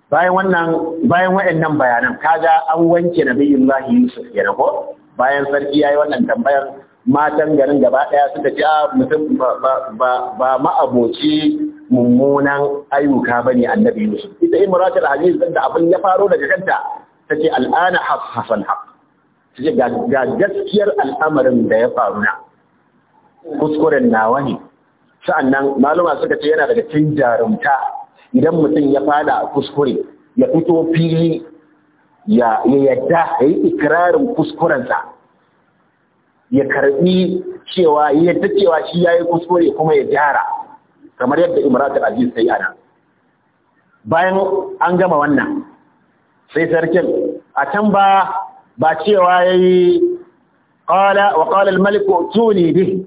bayan wannan bayan waɗannan bayanan kaga an wanke nabiyullahi Yusuf ya ko bayan sarki yayi wannan tambayar matan garin gaba daya suka ce mutum ba ma'aboci mummunan ayyuka bane annabi Yusuf ita imratul aziz da abin ya faro daga kanta ta ce al'ana hasan haf ta ce ga gaskiyar al'amarin da ya faru na kuskuren nawa ne sa'annan maluma suka ce yana daga cin jarumta idan mutum ya fada a kuskure ya fito fili ya yadda ya yi ikirarin kuskurensa ya karbi cewa yadda cewa shi ya yi kuskure kuma ya gyara kamar yadda imratul aziz ta yi ana bayan an gama wannan sai sarkin a can ba ba cewa ya yi wa qala tuni bi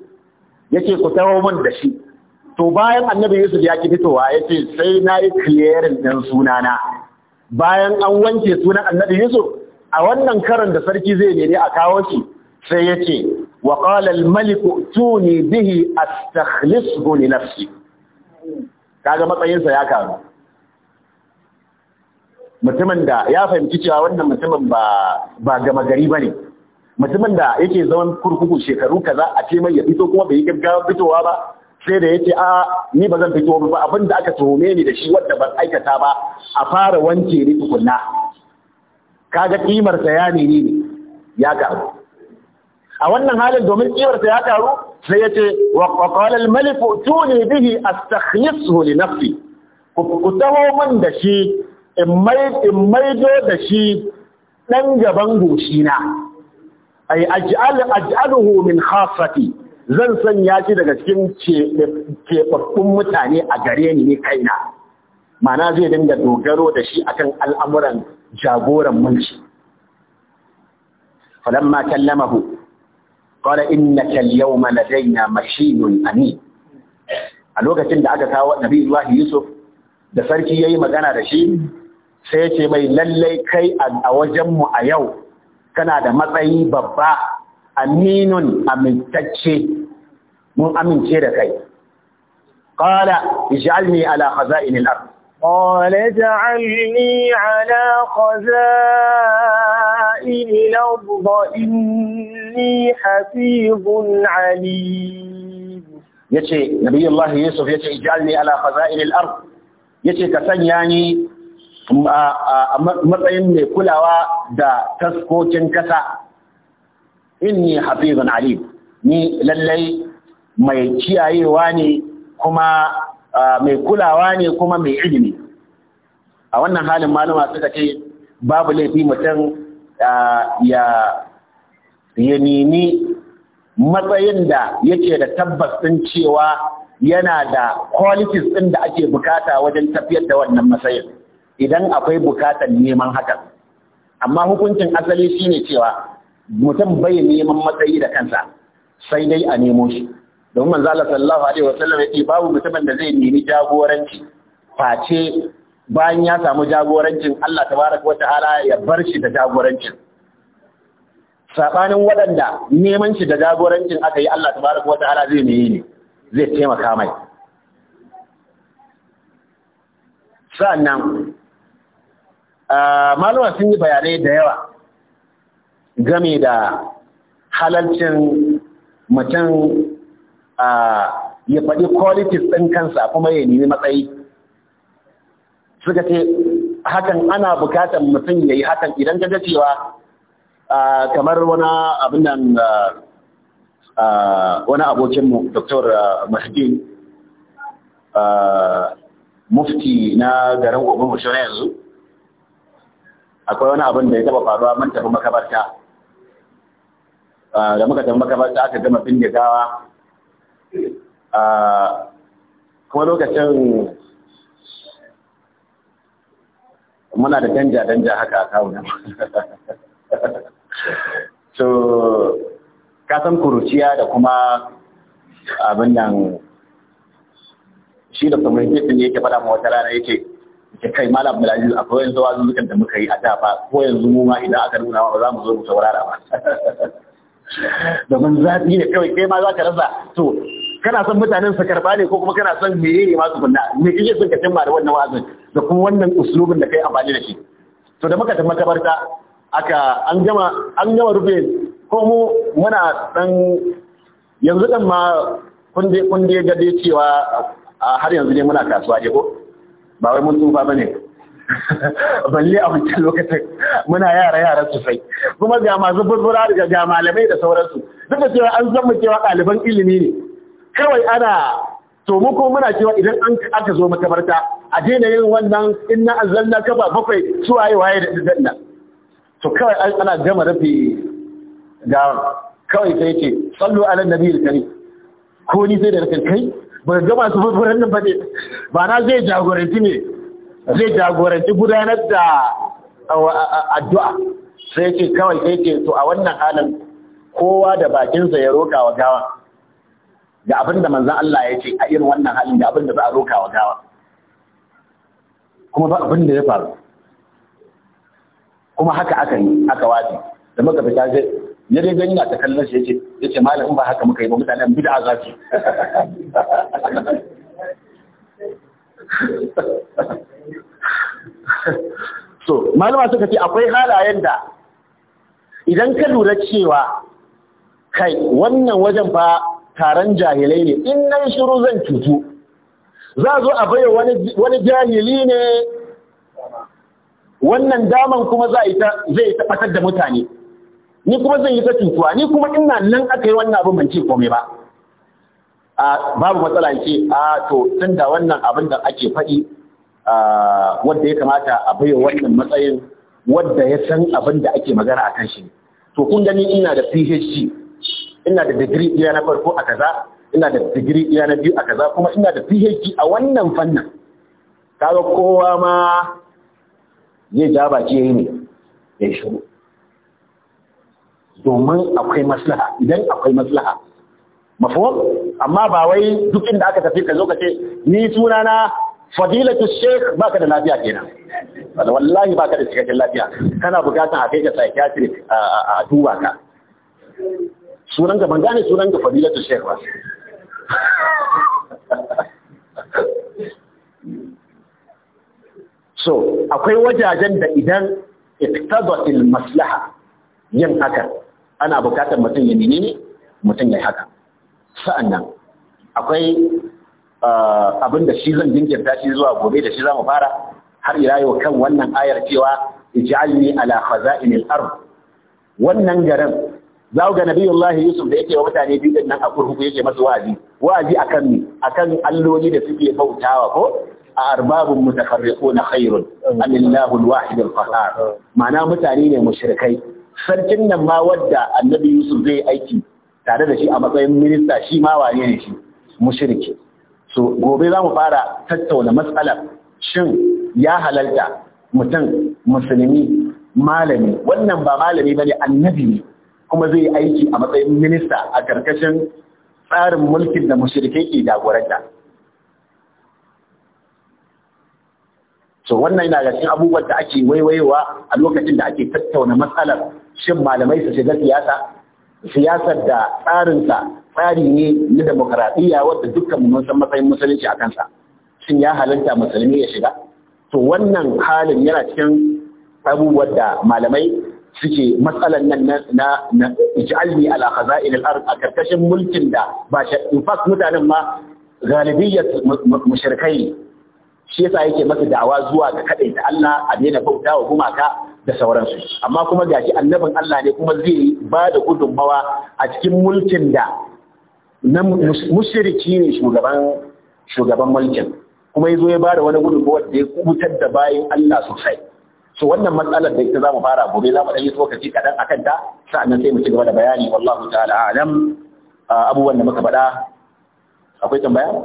ce ku tawo mun da shi to bayan annabi Yusuf ya ki fitowa ya ce sai na yi clearing ɗan sunana bayan an wanke sunan annabi Yusuf a wannan karon da sarki zai nemi a kawo shi sai yace wa qala al a tuni bihi a stakhlis nafsi kaga matsayinsa ya karu mutumin da ya fahimci cewa wannan mutumin ba ba gama gari bane mutumin da yake zaman kurkuku shekaru kaza a ce mai ya fito kuma bai yi gaggawa fitowa ba sai da yace a ni ba zan fito ba abin da aka tuhume ni da shi wanda ban aikata ba a fara wanke ni tukunna kaga kimar ya ne ne, ya karu a wannan halin domin sa ya karu sai ya ce qala al malik tuni bihi astakhlisuhu li nafsi ku taho man da shi in maido da shi ɗan gaban goshina ai aj'aluhu min khasati zan sanya shi daga cikin keɓaɓɓun mutane a gare ni ne kaina mana zai dinga dogaro da shi akan al'amuran jagoran mulki falamma kallamahu qala mana al-yawma ladaina mashinun amin a lokacin da aka kawo Nabi Yusuf da sarki ya yi magana da shi sai ya ce mai lallai kai a wajenmu a yau kana da matsayi babba aminun amintacce mun amince da kai qala ij'alni ala khaza'inil ard قال اجعلني على خزائن الأرض إني حفيظ عليم يتي نبي الله يوسف يتي اجعلني على خزائن الأرض يتي كسنياني matsayin mai kulawa da taskokin kasa inni hafizun Ali, ni lallai mai kiyayewa ne kuma mai kulawa ne kuma mai ilimi a wannan halin malama suka ce babu laifi mutum ya nini matsayin da yake da tabbas ɗin cewa yana da qualities ɗin da ake bukata wajen tafiyar da wannan matsayin idan akwai bukatar neman hakan amma hukuncin asali shine cewa mutum bai neman matsayi da kansa sai dai a nemo shi domin manzo Allah sallallahu alaihi wasallam yake babu mutumin da zai nemi jagoranci face bayan ya samu jagorancin Allah tabaraka wa ta'ala ya bar shi da jagorancin sabanin waɗanda neman shi da jagorancin aka yi Allah tabaraka wa ta'ala zai meye ne zai taimaka mai sa'annan Ah, malama sun yi bayanai da yawa game da halalcin mutum ah, ya faɗi qualities ɗin kansa kuma ya nemi matsayi suka ce hakan ana bukatar mutum ya yi hakan idan ga cewa ah, kamar wani abin nan wani abokinmu dr Mahdin mufti na garin obin yanzu akwai wani abin da ya taba faruwa mun tafi makabarta ah, da muka tafi makabarta aka gama binne gawa ah, kuma lokacin muna da danja-danja haka a kawunan so kasan kuruciya da kuma abin nan shi da kuma fin yake fada ma wata rana yake ce kai malam abdulaziz akwai zuwa zuwa da muka yi a da ba ko yanzu mu ma idan aka nuna ba za mu zo mu saurara ba domin zafi ne kawai kai ma za ka rasa to kana son mutanen su karba ne ko kuma kana son meye ne masu kunna me kike son ka cimma da wannan wa'azin da kuma wannan uslubin da kai amfani da shi to da muka tafi makabarta aka an gama an gama rufe ko mu muna dan yanzu dan ma kun je kun je ga cewa har yanzu ne muna kasuwa je ko ba wai mun tsufa bane balle a wancan lokacin muna yara yara sosai kuma ga masu burbura da ga malamai da sauransu duk da cewa an zama cewa ɗaliban ilimi ne kawai ana to mu ko muna cewa idan an aka zo makabarta a daina yin wannan in na azalla kafa bakwai su waye waye da danna to kawai ana gama rafi ga kawai sai ce sallu ala nabiyil karim ko ni sai da kai bai gaba su furfuran nan ba ne ba na zai jagoranci ne zai jagoranci gudanar da addu'a sai ce kawai sai ce to a wannan halin kowa da bakinsa ya roka wa gawa da abin da manzan Allah ya ce a irin wannan halin da abin da za a roka wa gawa kuma ba abin da ya faru kuma haka aka yi aka waje da muka fita sai ya dai gani na ta kallon shi ya ce yace malamin ba haka muka yi ba mutanen bid'a za su so malama suka ce akwai halayen da idan ka lura cewa kai wannan wajen fa taron jahilai ne in nan shiru zan cutu za zo a baiwa wani jahili ne wannan daman kuma zai ta da mutane ni kuma zan yi ta ni kuma ina nan aka yi wannan abin ban ce komai ba a babu matsala ce a to tun da wannan abin da ake faɗi wanda ya kamata a bai wannan matsayin wanda ya san abin da ake magana a kan shi to kun gani ina da PhD ina da digiri ɗaya na farko a kaza ina da digiri ɗaya na biyu a kaza kuma ina da PhD a wannan fannin kaga kowa ma zai ja baki yi ne ya shiru domin akwai maslaha idan akwai maslaha mafhum amma ba wai duk inda aka tafi ka zo ka ce ni sunana fadilatu sheikh baka da lafiya kenan wala wallahi baka da cikakken lafiya kana bukatan a kai ka psychiatric a duba ka sunan ka ban gane sunan fadilatu sheikh ba so akwai wajajen da idan iktadatil maslaha yin haka ana bukatar mutum ya menene mutum ya haka sa'annan akwai ah, abin da shi zan jinkirta shi zuwa gobe da shi zamu fara har irayo kan wannan ayar cewa ij'alni ala khaza'inil ard wannan garin za ga nabiyullahi yusuf da yake wa mutane biyu nan a kurkuku yake masa wa'azi wa'azi akan ni akan alloli da suke bautawa ko a arbabun mutafarriquna khairun amillahu alwahid alqahar ma'ana mutane ne mushrikai sarkin nan ma wadda annabi Yusuf zai aiki tare da shi a matsayin minista shi ma wane ne shi mushriki so gobe za mu fara tattauna matsalar shin ya halalta mutum musulmi malami wannan ba malami bane annabi ne kuma zai aiki a matsayin minista a karkashin tsarin mulkin da mushrikai ke jagoranta so wannan yana ga cikin abubuwan da ake waiwaiwa a lokacin da ake tattauna matsalar shin malamai su shiga siyasa siyasar da tsarinsa tsari ne na demokaradiyya wadda dukkan mun san matsayin musulunci a kansa shin ya halarta musulmi ya shiga to wannan halin yana cikin abubuwan da malamai suke matsalan nan na na ij'alni ala khaza'in al-ard a karkashin mulkin da ba shi in fact mutanen ma galibiyyar mushrikai shi yasa yake masa da'awa zuwa ga kadaita Allah a daina bauta wa gumaka da sauransu amma kuma gashi annabin Allah ne kuma zai ba da gudunmawa a cikin mulkin da na mushriki ne shugaban shugaban mulkin kuma yazo ya ba da wani gudunmawa da ya kutar da bayin Allah sosai so wannan matsalar da ita zamu fara gobe za mu dan yi tsokaci kadan akan ta sa'annan sai mu ci gaba da bayani wallahu ta'ala a'lam abubuwan da muka faɗa akwai tambaya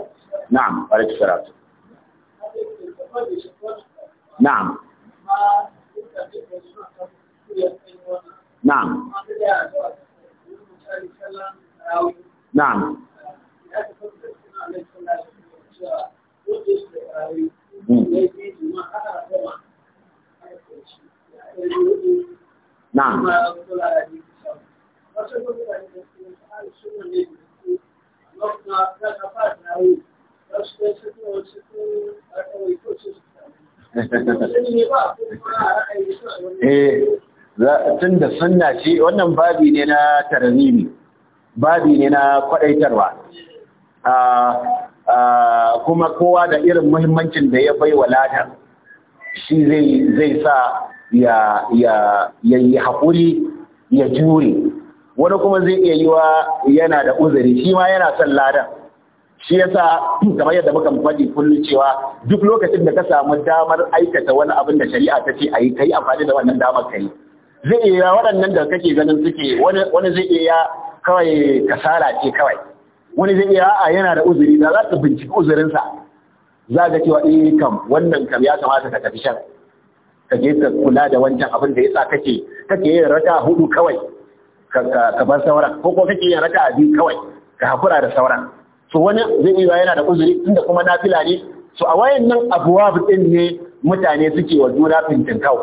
na'am alaikum salaam na'am na'am Na. Na'am. Na'am. eh tun da sunna ce wannan babi ne na tarzini, babi ne na kwadaitarwa ah, ah, kuma kowa da irin muhimmancin da ya bai wa ladar shi zai sa ya yi haƙuri ya jure wani kuma zai iya yi wa yana da uzuri shi ma yana son ladar shi yasa kamar yadda muka faɗi kullum cewa duk lokacin da ka samu damar aikata wani abin da shari'a ta ce ayi kai amfani da wannan damar kai zai iya waɗannan da kake ganin suke wani wani zai iya kawai kasala ce kawai wani zai iya a yana da uzuri da za ka binciki uzurinsa za ka cewa eh kam wannan kam ya kamata ka tafi shan ka je ka kula da wancan abin da yasa kake kake yin raka hudu kawai ka bar sauran ko ko kake yin raka biyu kawai ka hakura da sauran to wani zai iya yana da uzuri tunda kuma nafila ne so a wayannan abuwaf din ne mutane suke wa juna fintinkau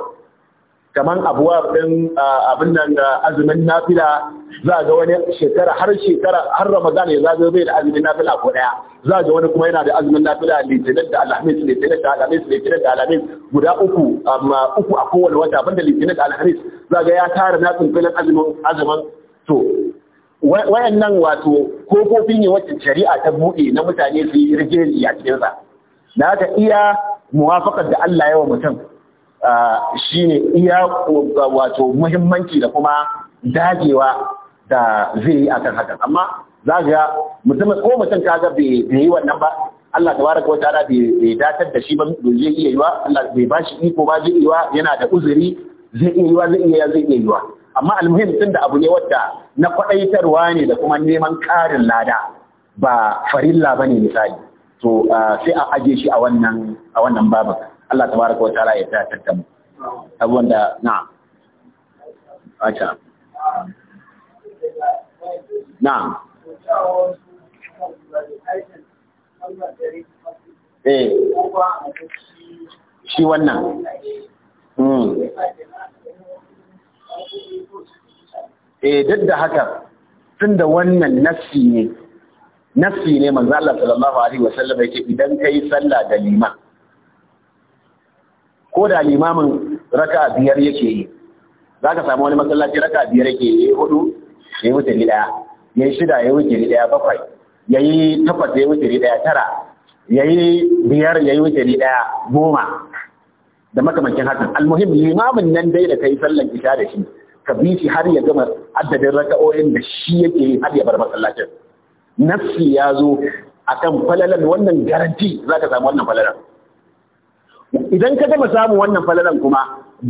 kaman abuwaf din abin nan da azumin nafila za ga wani shekara har shekara har ramadan ya zaga bai da azumin nafila ko daya za ga wani kuma yana da azumin nafila litinin da alhamis litinin da alhamis litinin da alhamis guda uku amma uku a kowane wata banda litinin da alhamis za ga ya tara nafilin azumin azumin to Wayan nan wato kofofi ne wacce shari'a ta buɗe na mutane su yi rigeli a cikinsa, na haka iya muwafakar da Allah ya wa mutum ne iya wato muhimmanci da kuma dagewa da zai yi akan hakan amma za ga mutumin ko mutum kaga bai yi wannan ba Allah tabaraka wataala bai datar da shi ba zai iya yiwa Allah bai shi iko ba zai iya yana da uzuri zai iya yiwa zai iya zai iya yiwa amma almuhim tun da abu ne wadda na kwaɗaitarwa ne da kuma neman ƙarin lada ba farilla ba ne misali to sai a aje shi a wannan babu Allah ta Allah tabaraka wa ta'ala ya ta tattam abubuwan da na acha na eh shi wannan hmm. eh duk da haka tun da wannan nafsi ne nafsi ne manzo Allah sallallahu alaihi wasallam yake idan kai sallah da lima. ko da limamin raka biyar yake yi za ka samu wani masallaci raka biyar yake yi hudu ya yi wuce daya ya yi shida ya yi wuce daya bakwai ya yi takwas ya yi wuce daya tara ya yi biyar ya yi wuce daya goma da makamakin haka almuhim limamin nan dai da kai sallan isha da shi ka bi shi har ya gama addadin raka'o'in da shi yake har ya bar masallacin nafsi ya zo a kan falalan wannan garanti za ka samu wannan falalan idan ka gama samun wannan falalan kuma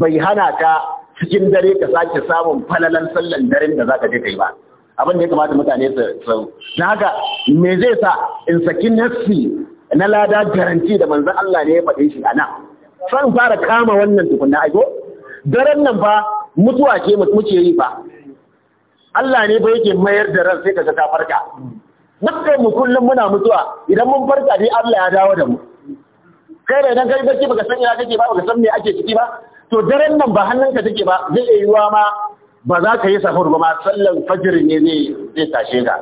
bai hana ka cikin dare ka sake samun falalan sallan daren da za ka je kai ba abin da ya kamata mutane su na haka me zai sa in saki nafsi na lada garanti da manzon Allah ne ya faɗe shi a nan san fara kama wannan tukunna aiko daren nan ba mutuwa ce muke yi ba Allah ne ba yake mayar da ran sai ka ta farka dukkan mu kullum muna mutuwa idan mun farka dai Allah ya dawo da mu kai da idan kai barci baka san ina kake ba baka san me ake ciki ba to daren nan ba hannunka take ba zai iya yiwa ma ba za ka yi safaru ba ma sallan fajr ne zai zai tashe ka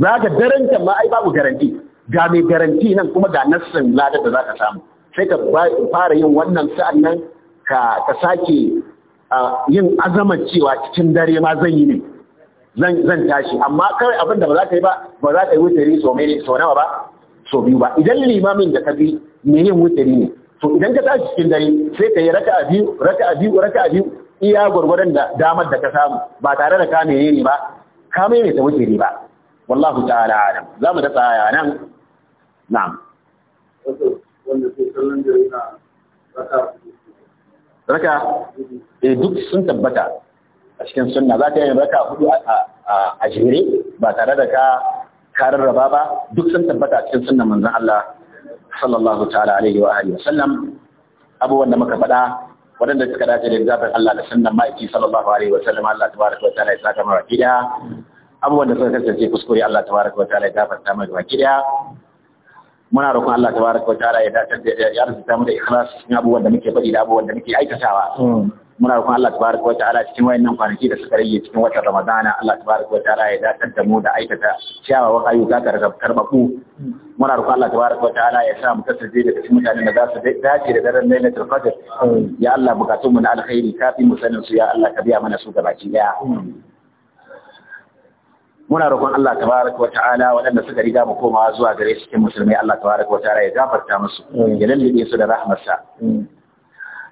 za ka daren kan ma ai babu garanti ga mai garanti nan kuma ga nassan ladar da za ka samu sai ka fara yin wannan sa'an nan ka sake yin azamar cewa cikin dare ma zan yi ne zan tashi amma kawai abin da ba za ka yi ba ba za ka yi wutari so mai so nawa ba so biyu ba idan limamin da ka bi me yin wutari ne to idan ka tashi cikin dare sai ka yi raka'a biyu raka'a biyu raka'a biyu iya gwargwaron da damar da ka samu ba tare da ka menene ba ka mai ta wutari ba wallahu ta'ala alam za mu da tsaya nan na'am raka raka eh, duk sun tabbata a cikin sunna za ka yi raka hudu a jere ba tare da ka karar raba ba duk sun tabbata a cikin sunna manzan Allah sallallahu ta'ala alaihi wa alihi wasallam abubuwan da muka faɗa waɗanda suka dace da zafin Allah da sannan ma'aiki sallallahu alaihi wa sallam Allah tabaraka wa ta'ala ya saka mara kida abubuwan da suka kasance kuskure Allah tabaraka wa ta'ala ya gafarta mai gaba kida muna roƙon Allah tabaraka wataala ya dace da ya rubuta mu da ikhlas cikin abubuwan da muke faɗi da abubuwan da muke aikatawa mm. muna roƙon Allah tabaraka wataala cikin wayannan kwanaki da suka rage cikin watan Ramadana Allah tabaraka wataala ya dace da mu da aikata ciyawa kayu ga karbabu mm. muna roƙon Allah tabaraka wataala ya sa mu kasance da cikin mutanen da za su dace da daren Lailatul Qadr mm. ya Allah bukatun mu na alkhairi kafi mu sanin su ya Allah ka biya mana su gabaki daya muna roƙon Allah tabaraka wa ta'ala waɗanda suka riga mu komawa zuwa gare shi cikin musulmai Allah tabaraka wa ta'ala ya gafarta musu ya lalle su da rahmarsa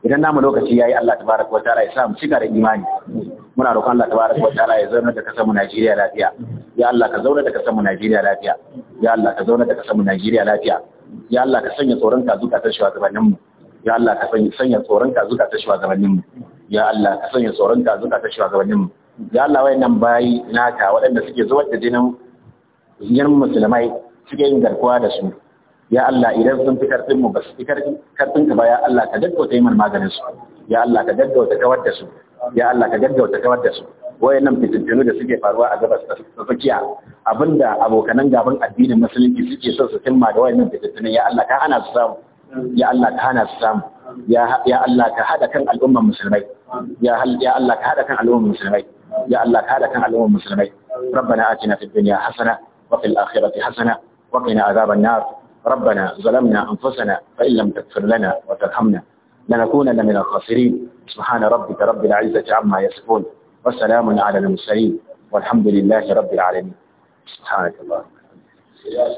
idan namu lokaci yayi Allah tabaraka wa ta'ala ya sa mu cika da imani muna roƙon Allah tabaraka wa ta'ala ya zauna da kasar mu Najeriya lafiya ya Allah ka zauna da kasar mu Najeriya lafiya ya Allah ka zauna da kasar mu Najeriya lafiya ya Allah ka sanya tsoron ka zuka ta gabanin mu ya Allah ka sanya tsoron ka zuka ta gabanin mu ya Allah ka sanya tsoron ka zuka ta gabanin mu da Allah nan bayi naka waɗanda suke zuwa da jinin yan musulmai suke yin garkuwa da su ya Allah idan sun fi karfin mu ba su fi karfin ka ba ya Allah ka gaggauta yi maganin su ya Allah ka gaggauta kawar da su ya Allah ka gaggauta kawar da su wayannan fitintunu da suke faruwa a gabas ta tsakiya abinda abokanan gaban addinin musulunci suke so su cimma da wayannan fitintunun ya Allah ka hana su samu ya Allah ka hana su samu ya Allah ka hada kan al'ummar musulmai ya Allah ka hada kan al'ummar musulmai يا الله ka da kan al'ummar musulmai rabbana atina fid dunya hasana wa fil akhirati hasana ربنا ظلمنا أنفسنا فإن لم تغفر لنا وترحمنا لنكونن من الخاسرين سبحان ربك رب العزة عما يصفون وسلام على المرسلين والحمد لله رب العالمين سبحانك اللهم